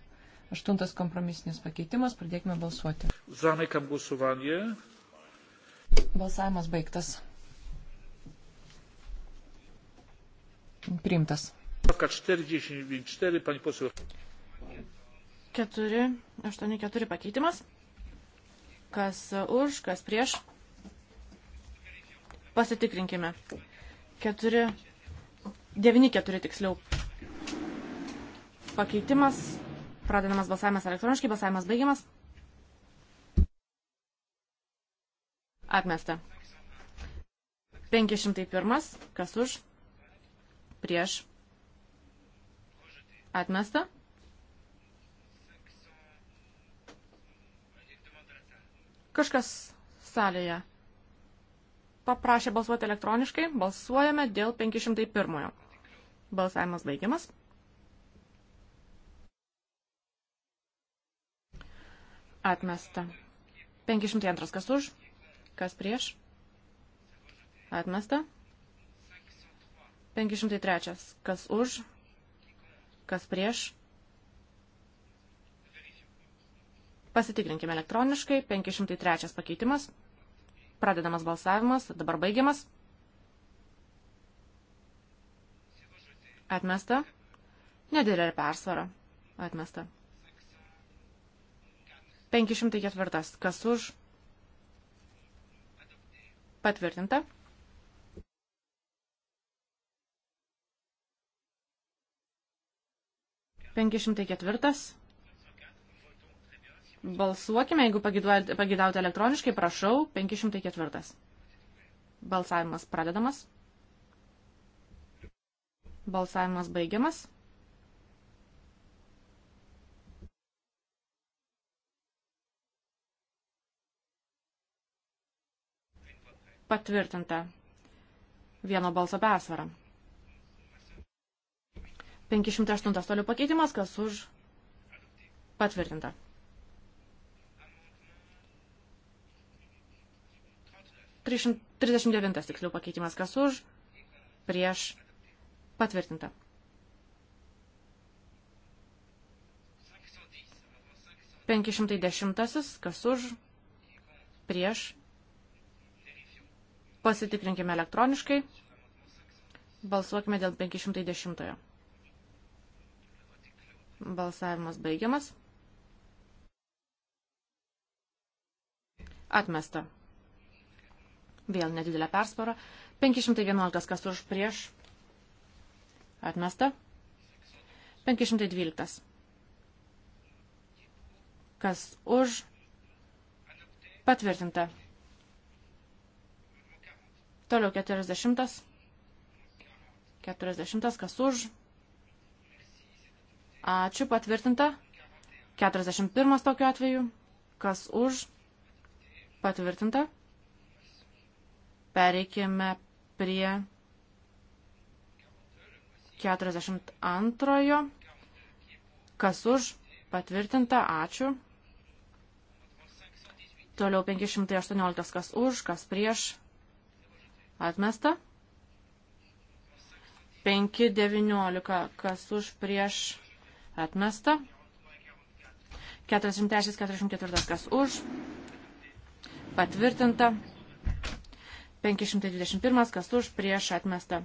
Aštuntas kompromisinis pakeitimas, pradėkime balsuoti. Zamykam balsuovanie. Balsavimas baigtas. Priimtas. 484, pani posėlė. 4, 8, 4 pakeitimas. Kas už, kas prieš. Pasitikrinkime. 4, 9, 4 tiksliau. Pakeitimas, pradedamas balsavimas elektroniškai, balsavimas baigiamas. Atmesta. 501, kas už, prieš, atmesta. Kažkas salėje paprašė balsuoti elektroniškai. Balsuojame dėl 501. Balsavimas baigiamas. Atmesta. 502. Kas už? Kas prieš? Atmesta. 503. Kas už? Kas prieš? Pasitikrinkime elektroniškai. 503 pakeitimas. Pradedamas balsavimas, dabar baigiamas. Atmesta. Nedidelė persvara. Atmesta. 504. Kas už? Patvirtinta. Penkišimtai ketvirtas. Balsuokime, jeigu pagidavote elektroniškai, prašau, 504. Balsavimas pradedamas. Balsavimas baigiamas. Patvirtinta. Vieno balso persvara. 508 toliau pakeitimas, kas už patvirtinta. 39 tiksliau pakeitimas kas už, prieš patvirtinta. 510 kas už, prieš pasitikrinkime elektroniškai, balsuokime dėl 510. -ojo. Balsavimas baigiamas. Atmesta. Vėl nedidelė persvara. 511 kas už prieš. Atmesta. 512. Kas už. Patvirtinta. Toliau 40. 40 kas už. Ačiū, patvirtinta. 41 tokiu atveju. Kas už? Patvirtinta. Pereikime prie 42. Kas už? Patvirtinta. Ačiū. Toliau 518. Kas už? Kas prieš? Atmesta. 5.19, kas už prieš atmesta. 43.44, kas už patvirtinta. 521, kas už, prieš atmesta.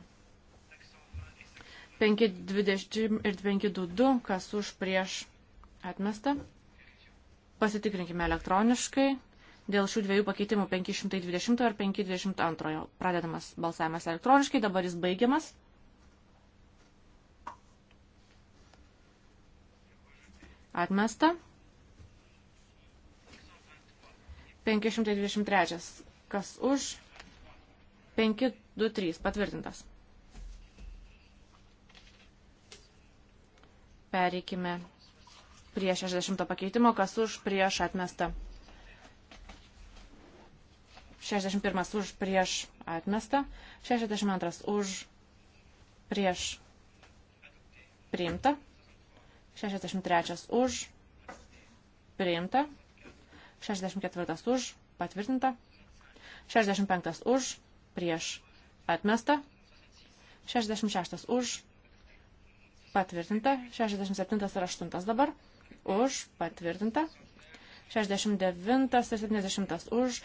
520 ir 522, kas už, prieš atmesta. Pasitikrinkime elektroniškai. Dėl šių dviejų pakeitimų 520 ar 522 pradedamas balsavimas elektroniškai, dabar jis baigiamas. Atmesta. 523. Kas už? 523 patvirtintas. Pereikime prie 60 pakeitimo, kas už prieš atmesta. 61 už prieš atmesta, 62 už prieš priimta, 63 už priimta, 64 už patvirtinta, 65 už prieš atmestą, 66 už patvirtinta, 67 ir 8 dabar už patvirtinta, 69 ir 70 už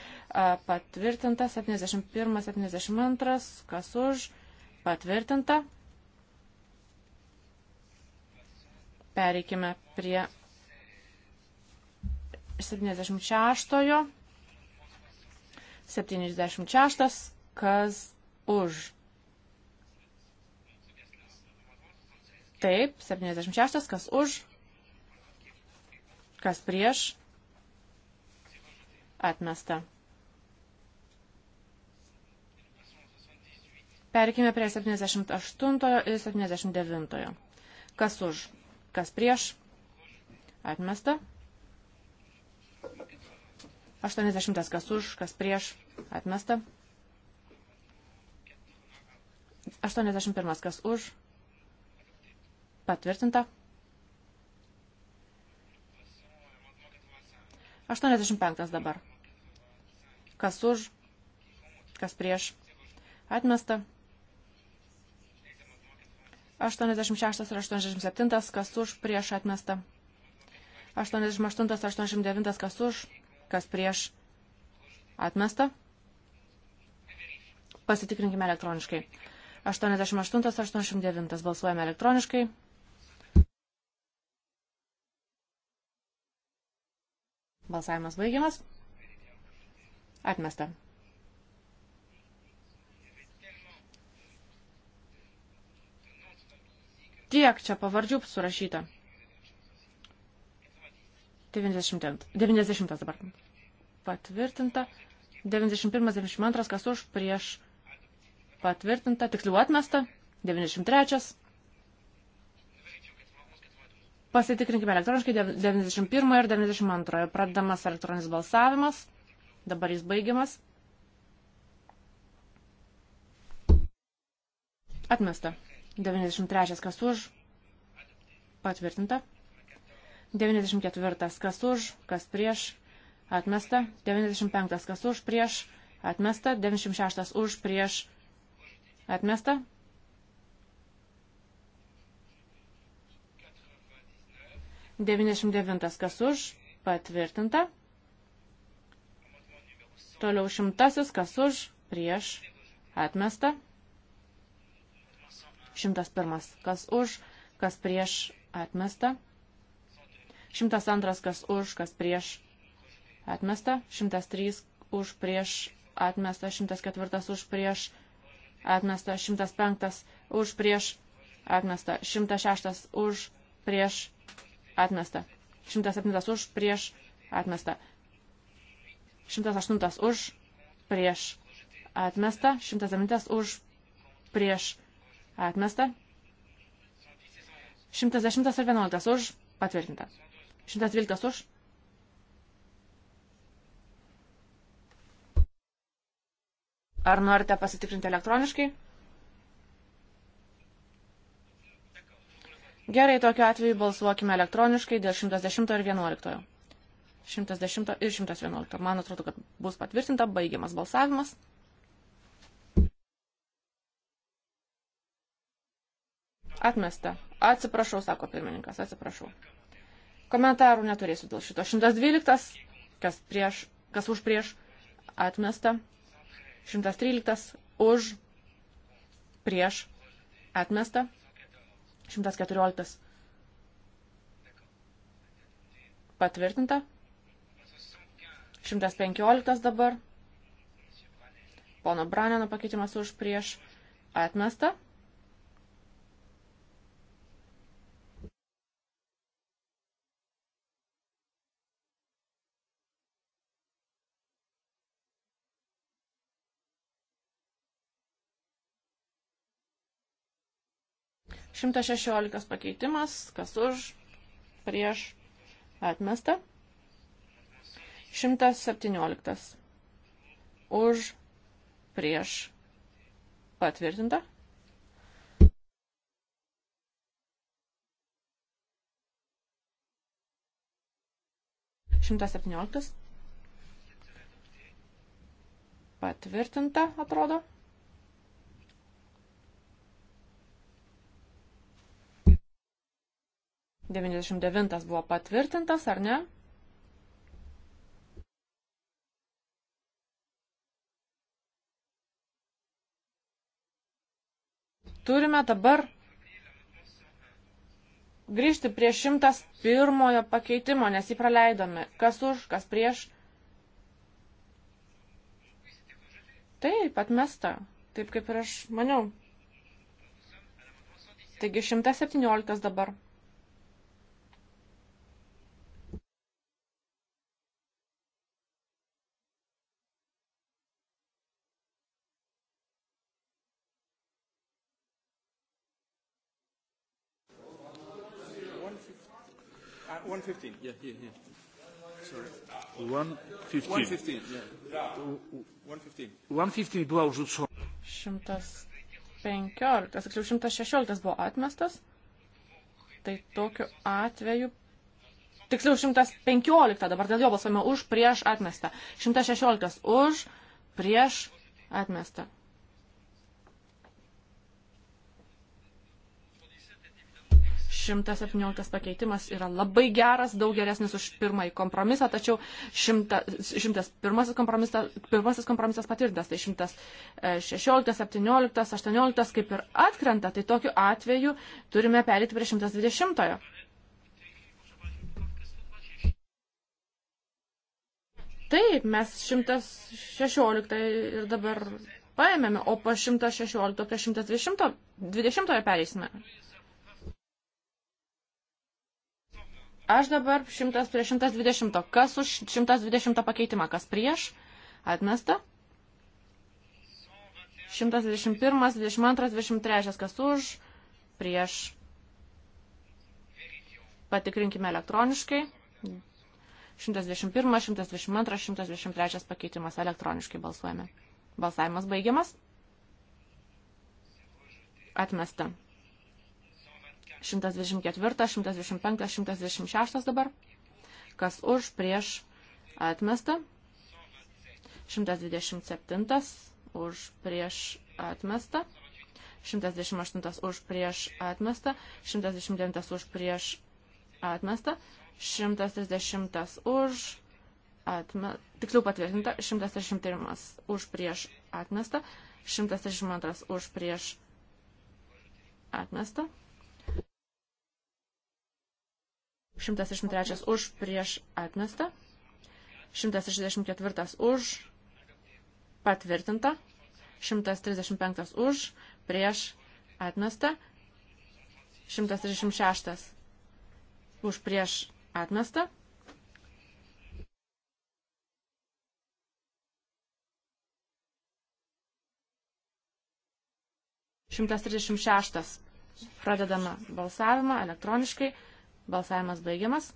patvirtinta, 71, 72 kas už patvirtinta. Pereikime prie 76, 76 kas už. Taip, 76, kas už, kas prieš, atmesta. Perkime prie 78 ir 79. Kas už, kas prieš, atmesta. 80 kas už, kas prieš, atmesta. 81. Kas už? Patvirtinta. 85 dabar. Kas už? Kas prieš? Atmesta. 86 ir 87. Kas už? Prieš atmesta. 88 ir 89. Kas už? Kas prieš? Atmesta. Pasitikrinkime elektroniškai. 88-89 balsuojame elektroniškai. Balsavimas baigiamas. Atmesta. Tiek čia pavardžių surašyta. 90, 90 dabar. Patvirtinta. 91-92, kas už prieš patvirtinta, tiksliau atmesta, 93. Pasitikrinkime elektroniškai 91 ir 92. Pradedamas elektroninis balsavimas, dabar jis baigiamas. Atmesta. 93. Kas už? Patvirtinta. 94. Kas už? Kas prieš? Atmesta. 95. Kas už? Prieš? Atmesta. 96. Už? Prieš? Atmesta. 99 kas už, patvirtinta. Toliau šimtasis kas už, prieš, atmesta. Šimtas pirmas kas už, kas prieš, atmesta. Šimtas antras kas už, kas prieš, atmesta. Šimtas trys už, prieš, atmesta. Šimtas ketvirtas už, prieš, atmesta 105 už prieš atmesta 106 už prieš atmesta 107 už prieš atmesta 108 už prieš atmesta 109 už prieš atmesta 110 ir 11 už patvirtinta 112 už Ar norite pasitikrinti elektroniškai? Gerai, tokiu atveju balsuokime elektroniškai dėl 110 ir 11. 110 ir 111. Man atrodo, kad bus patvirtinta baigiamas balsavimas. Atmesta. Atsiprašau, sako pirmininkas, atsiprašau. Komentarų neturėsiu dėl šito. 112, kas, prieš, kas už prieš, atmesta. 113 už, prieš, atmesta. 114 patvirtinta. 115 dabar. Pono Braneno pakeitimas už, prieš, atmesta. 116 pakeitimas, kas už, prieš, atmesta. 117 už, prieš, patvirtinta. Šimtas septynioliktas. Patvirtinta, atrodo. 99 buvo patvirtintas, ar ne? Turime dabar grįžti prie 101 pakeitimo, nes jį praleidome. Kas už, kas prieš. Taip, atmesta. Taip kaip ir aš maniau. Taigi 117 dabar. 115. 115 buvo užduotas. 115, tiksliau 116 buvo atmestas. Tai tokiu atveju. Tiksliau 115, dabar dėl jo balsuojame už, prieš atmestą. 116 už, prieš atmestą. 117 pakeitimas yra labai geras, daug geresnis už pirmąjį kompromisą, tačiau 101 kompromisas, pirmasis kompromisas patvirtintas, tai 116, 17, 18 kaip ir atkrenta, tai tokiu atveju turime perėti prie 120. -ojo. Taip, mes 116 ir dabar paėmėme, o po 116 prie 120 pereisime. Aš dabar 100 prie 120. Kas už 120 pakeitimą? Kas prieš? Atmesta. 121, 22, 23. Kas už? Prieš. Patikrinkime elektroniškai. 121, 122, 123 pakeitimas elektroniškai balsuojame. Balsavimas baigiamas. Atmesta. 124, 125, 126 dabar. Kas už, prieš, atmesta. 127 už, prieš, atmesta. 128 už, prieš, atmesta. 129 už, prieš, atmesta. 130 už, atme, tiksliau patvirtinta, 131 už, prieš, atmesta. 132 už, prieš, atmesta. 163 už prieš atmestą, 164 už patvirtinta, 135 už prieš atmestą, 136 už prieš atmestą. Šimtas trisdešimt šeštas. Pradedame balsavimą elektroniškai. Balsavimas baigiamas.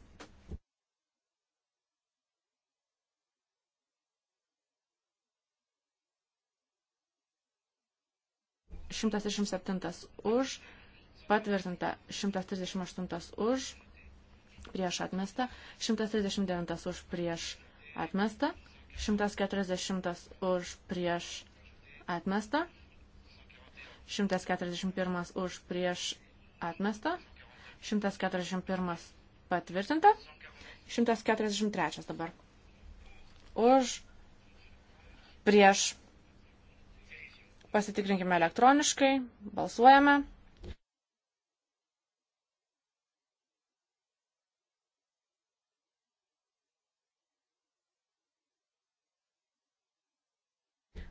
Šimtas ir šimtas septintas už, patvirtinta 138 už, prieš atmestą, 139 už prieš atmestą, 140 už prieš atmestą, 141 už prieš atmestą, 141 patvirtinta. 143 dabar. Už prieš pasitikrinkime elektroniškai, balsuojame.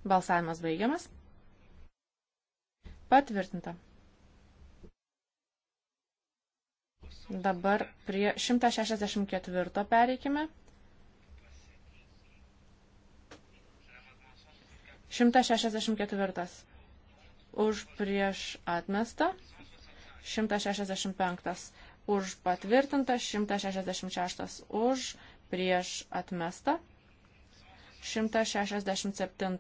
Balsavimas baigiamas. Patvirtinta. Dabar prie 164 pereikime. 164. Už prieš atmestą. 165. Už patvirtintą. 166. Už prieš atmestą. 167.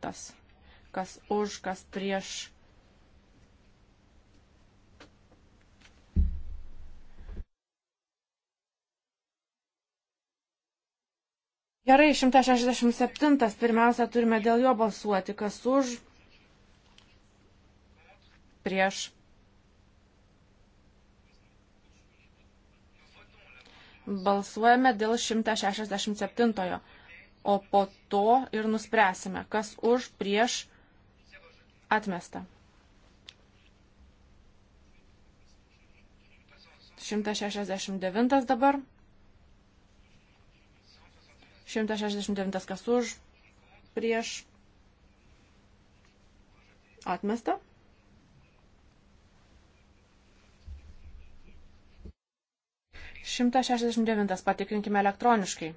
Kas už, kas prieš atmestą Gerai, 167. Pirmiausia, turime dėl jo balsuoti. Kas už? Prieš. Balsuojame dėl 167. O po to ir nuspręsime, kas už, prieš, atmesta. 169 dabar. 169 kas už, prieš, atmesta. Šimtas šešdešimt devintas patikrinkime elektroniškai.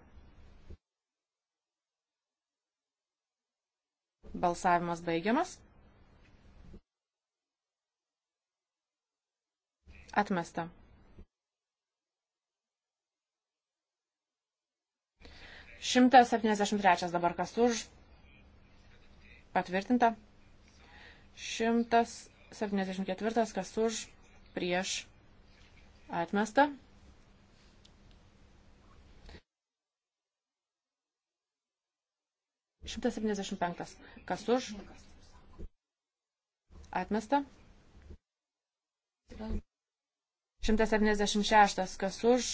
Balsavimas baigiamas. Atmesta. 173 dabar kas už. Patvirtinta. 174 kas už. Prieš. Atmesta. Šimtas septyniasdešimt penktas. Kas už? Atmesta. 176. Kas už?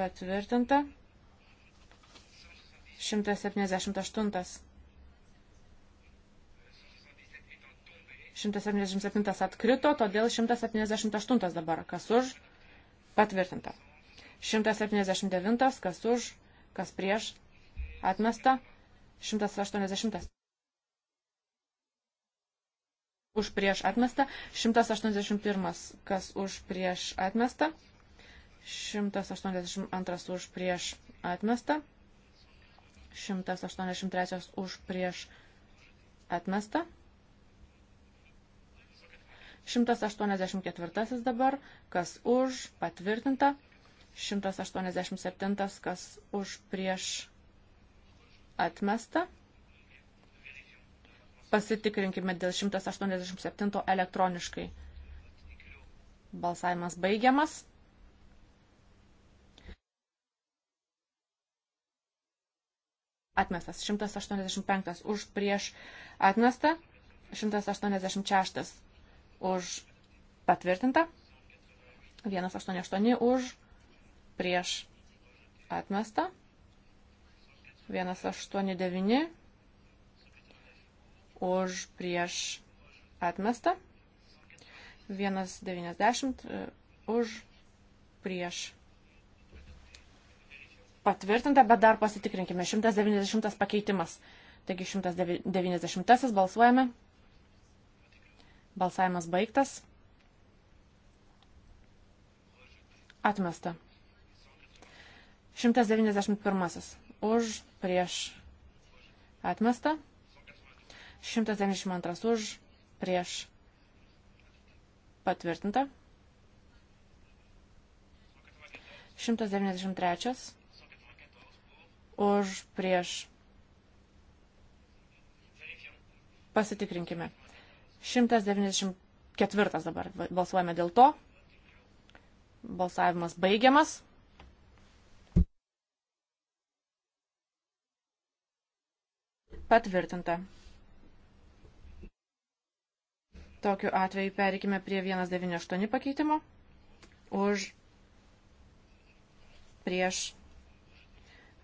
Patvirtinta. 178. 177 atkrito, todėl 178 dabar. Kas už? Patvirtinta. 179, kas už, kas prieš, atmesta. 180. Už prieš atmesta. 181, kas už prieš atmesta. 182 už prieš atmesta. 183 už prieš atmestą. 184 dabar, kas už patvirtinta. 187 kas už prieš atmestą. Pasitikrinkime dėl 187 elektroniškai. Balsavimas baigiamas. atmestas. 185 už prieš atmestą. 186 už patvirtintą. 188 už prieš atmestą. 189 už prieš atmestą. 190 e, už prieš patvirtinta, bet dar pasitikrinkime. 190 pakeitimas. Taigi 190 balsuojame. Balsavimas baigtas. Atmesta. 191. Už, prieš. Atmesta. 192. Už, prieš. Patvirtinta. 193 už prieš. Pasitikrinkime. 194 dabar balsuojame dėl to. Balsavimas baigiamas. Patvirtinta. Tokiu atveju pereikime prie 198 pakeitimo. Už prieš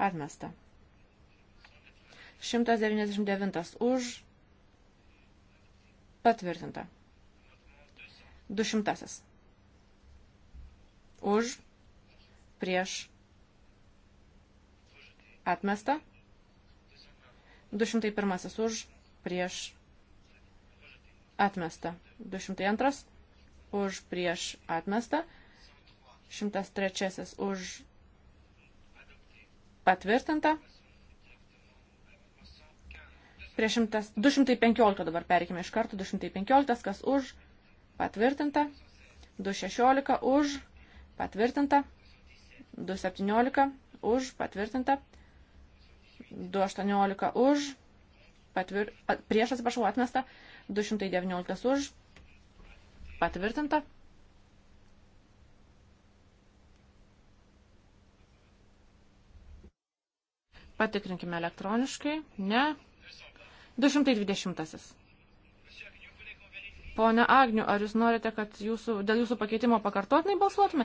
Atmesta. 199 už. Patvirtinta. 200. Už. Prieš. Atmesta. 201 už. Prieš. Atmesta. 202 už. Prieš. Atmesta. 103 už. Patvirtinta. Prie 100, 215 dabar perikime iš karto. 215, kas už, patvirtinta. 216 už, patvirtinta. 217 už, patvirtinta. 218 už, patvir, prieš atsiprašau atmesta. 219 už, patvirtinta. Patikrinkime elektroniškai. Ne. 220. Pone Agniu, ar jūs norite, kad jūsų, dėl jūsų pakeitimo pakartotinai balsuotume?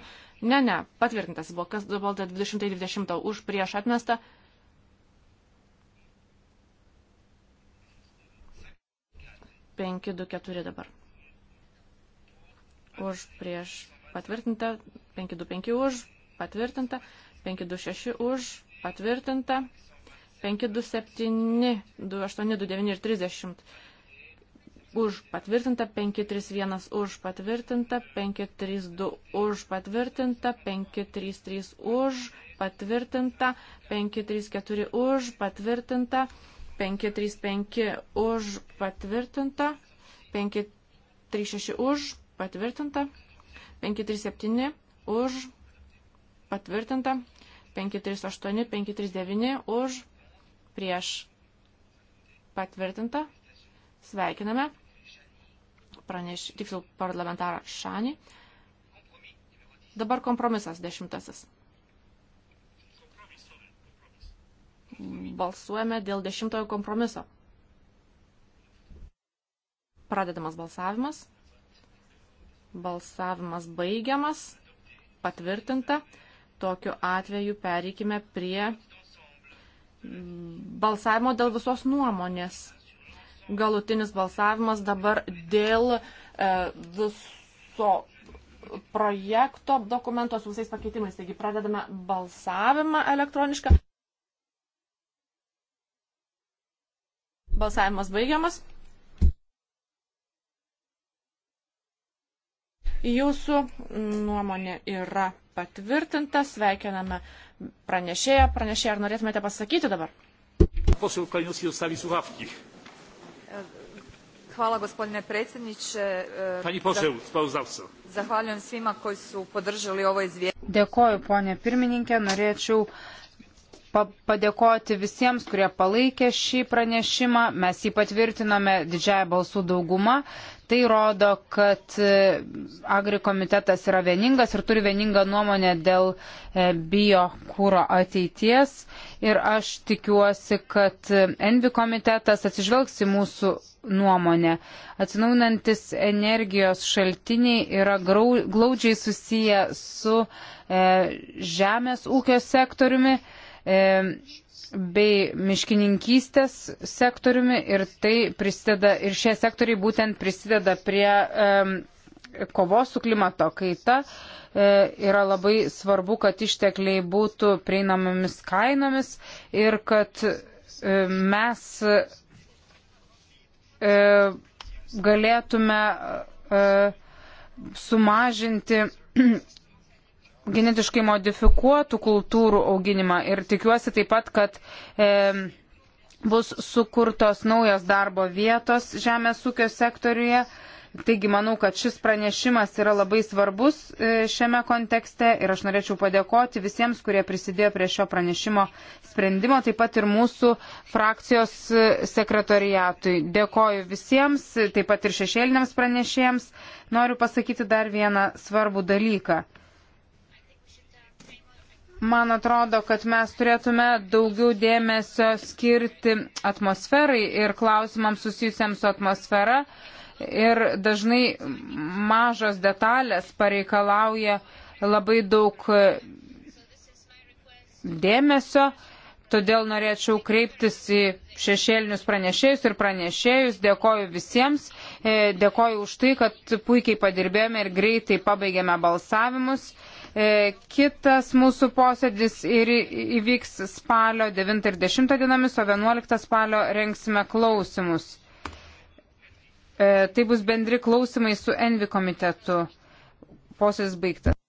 Ne, ne, patvirtintas buvo, kas buvo 220 už prieš atmestą. Penki, du, keturi dabar. Už prieš patvirtinta, penki, du, penki už patvirtinta, penki, du, šeši už patvirtinta, 527, 28, 29 ir 30 už patvirtinta, 531 už patvirtinta, 532 už patvirtinta, 533 už patvirtinta, 534 už patvirtinta, 535 už patvirtinta, 536 už patvirtinta, 537 už patvirtinta, 538, 539 už patvirtinta prieš patvirtinta. Sveikiname. Praneš, tiksliau, parlamentarą Šanį. Dabar kompromisas dešimtasis. Balsuojame dėl dešimtojo kompromiso. Pradedamas balsavimas. Balsavimas baigiamas. Patvirtinta. Tokiu atveju pereikime prie balsavimo dėl visos nuomonės. Galutinis balsavimas dabar dėl e, viso projekto dokumento su visais pakeitimais. Taigi pradedame balsavimą elektronišką. Balsavimas baigiamas. Jūsų nuomonė yra patvirtinta. Sveikiname pranešėją. Pranešėją, ar norėtumėte pasakyti dabar? Poseł Kalinowski dostawi słuchawki. Hvala gospodine predsjedniče. Pani poseł, sprawozdawca. Zahvaljujem svima koji su podržali ovo izvješće. Dėkoju, ponė pirmininkė. Norėčiau padėkoti visiems, kurie palaikė šį pranešimą. Mes jį patvirtinome didžiąją balsų daugumą. Tai rodo, kad e, Agri komitetas yra vieningas ir turi vieningą nuomonę dėl e, bio kūro ateities. Ir aš tikiuosi, kad e, Envi komitetas atsižvelgs į mūsų nuomonę. Atsinaujantis energijos šaltiniai yra grau, glaudžiai susiję su e, žemės ūkio sektoriumi. E, E, bei miškininkystės sektoriumi ir tai prisideda, ir šie sektoriai būtent prisideda prie um, kovos su klimato kaita. E, yra labai svarbu, kad ištekliai būtų prieinamomis kainomis ir kad e, mes e, galėtume e, sumažinti genetiškai modifikuotų kultūrų auginimą ir tikiuosi taip pat, kad e, bus sukurtos naujos darbo vietos žemės ūkio sektoriuje. Taigi manau, kad šis pranešimas yra labai svarbus e, šiame kontekste ir aš norėčiau padėkoti visiems, kurie prisidėjo prie šio pranešimo sprendimo, taip pat ir mūsų frakcijos e, sekretoriatui. Dėkoju visiems, e, taip pat ir šešėliniams pranešėjams. Noriu pasakyti dar vieną svarbų dalyką. Man atrodo, kad mes turėtume daugiau dėmesio skirti atmosferai ir klausimams susijusiams su atmosfera. Ir dažnai mažos detalės pareikalauja labai daug dėmesio. Todėl norėčiau kreiptis į šešėlinius pranešėjus ir pranešėjus. Dėkoju visiems. E, dėkoju už tai, kad puikiai padirbėjome ir greitai pabaigėme balsavimus. E, kitas mūsų posėdis ir įvyks spalio 9 ir 10 dienomis, o 11 spalio rengsime klausimus. E, tai bus bendri klausimai su Envi komitetu. Posėdis baigtas.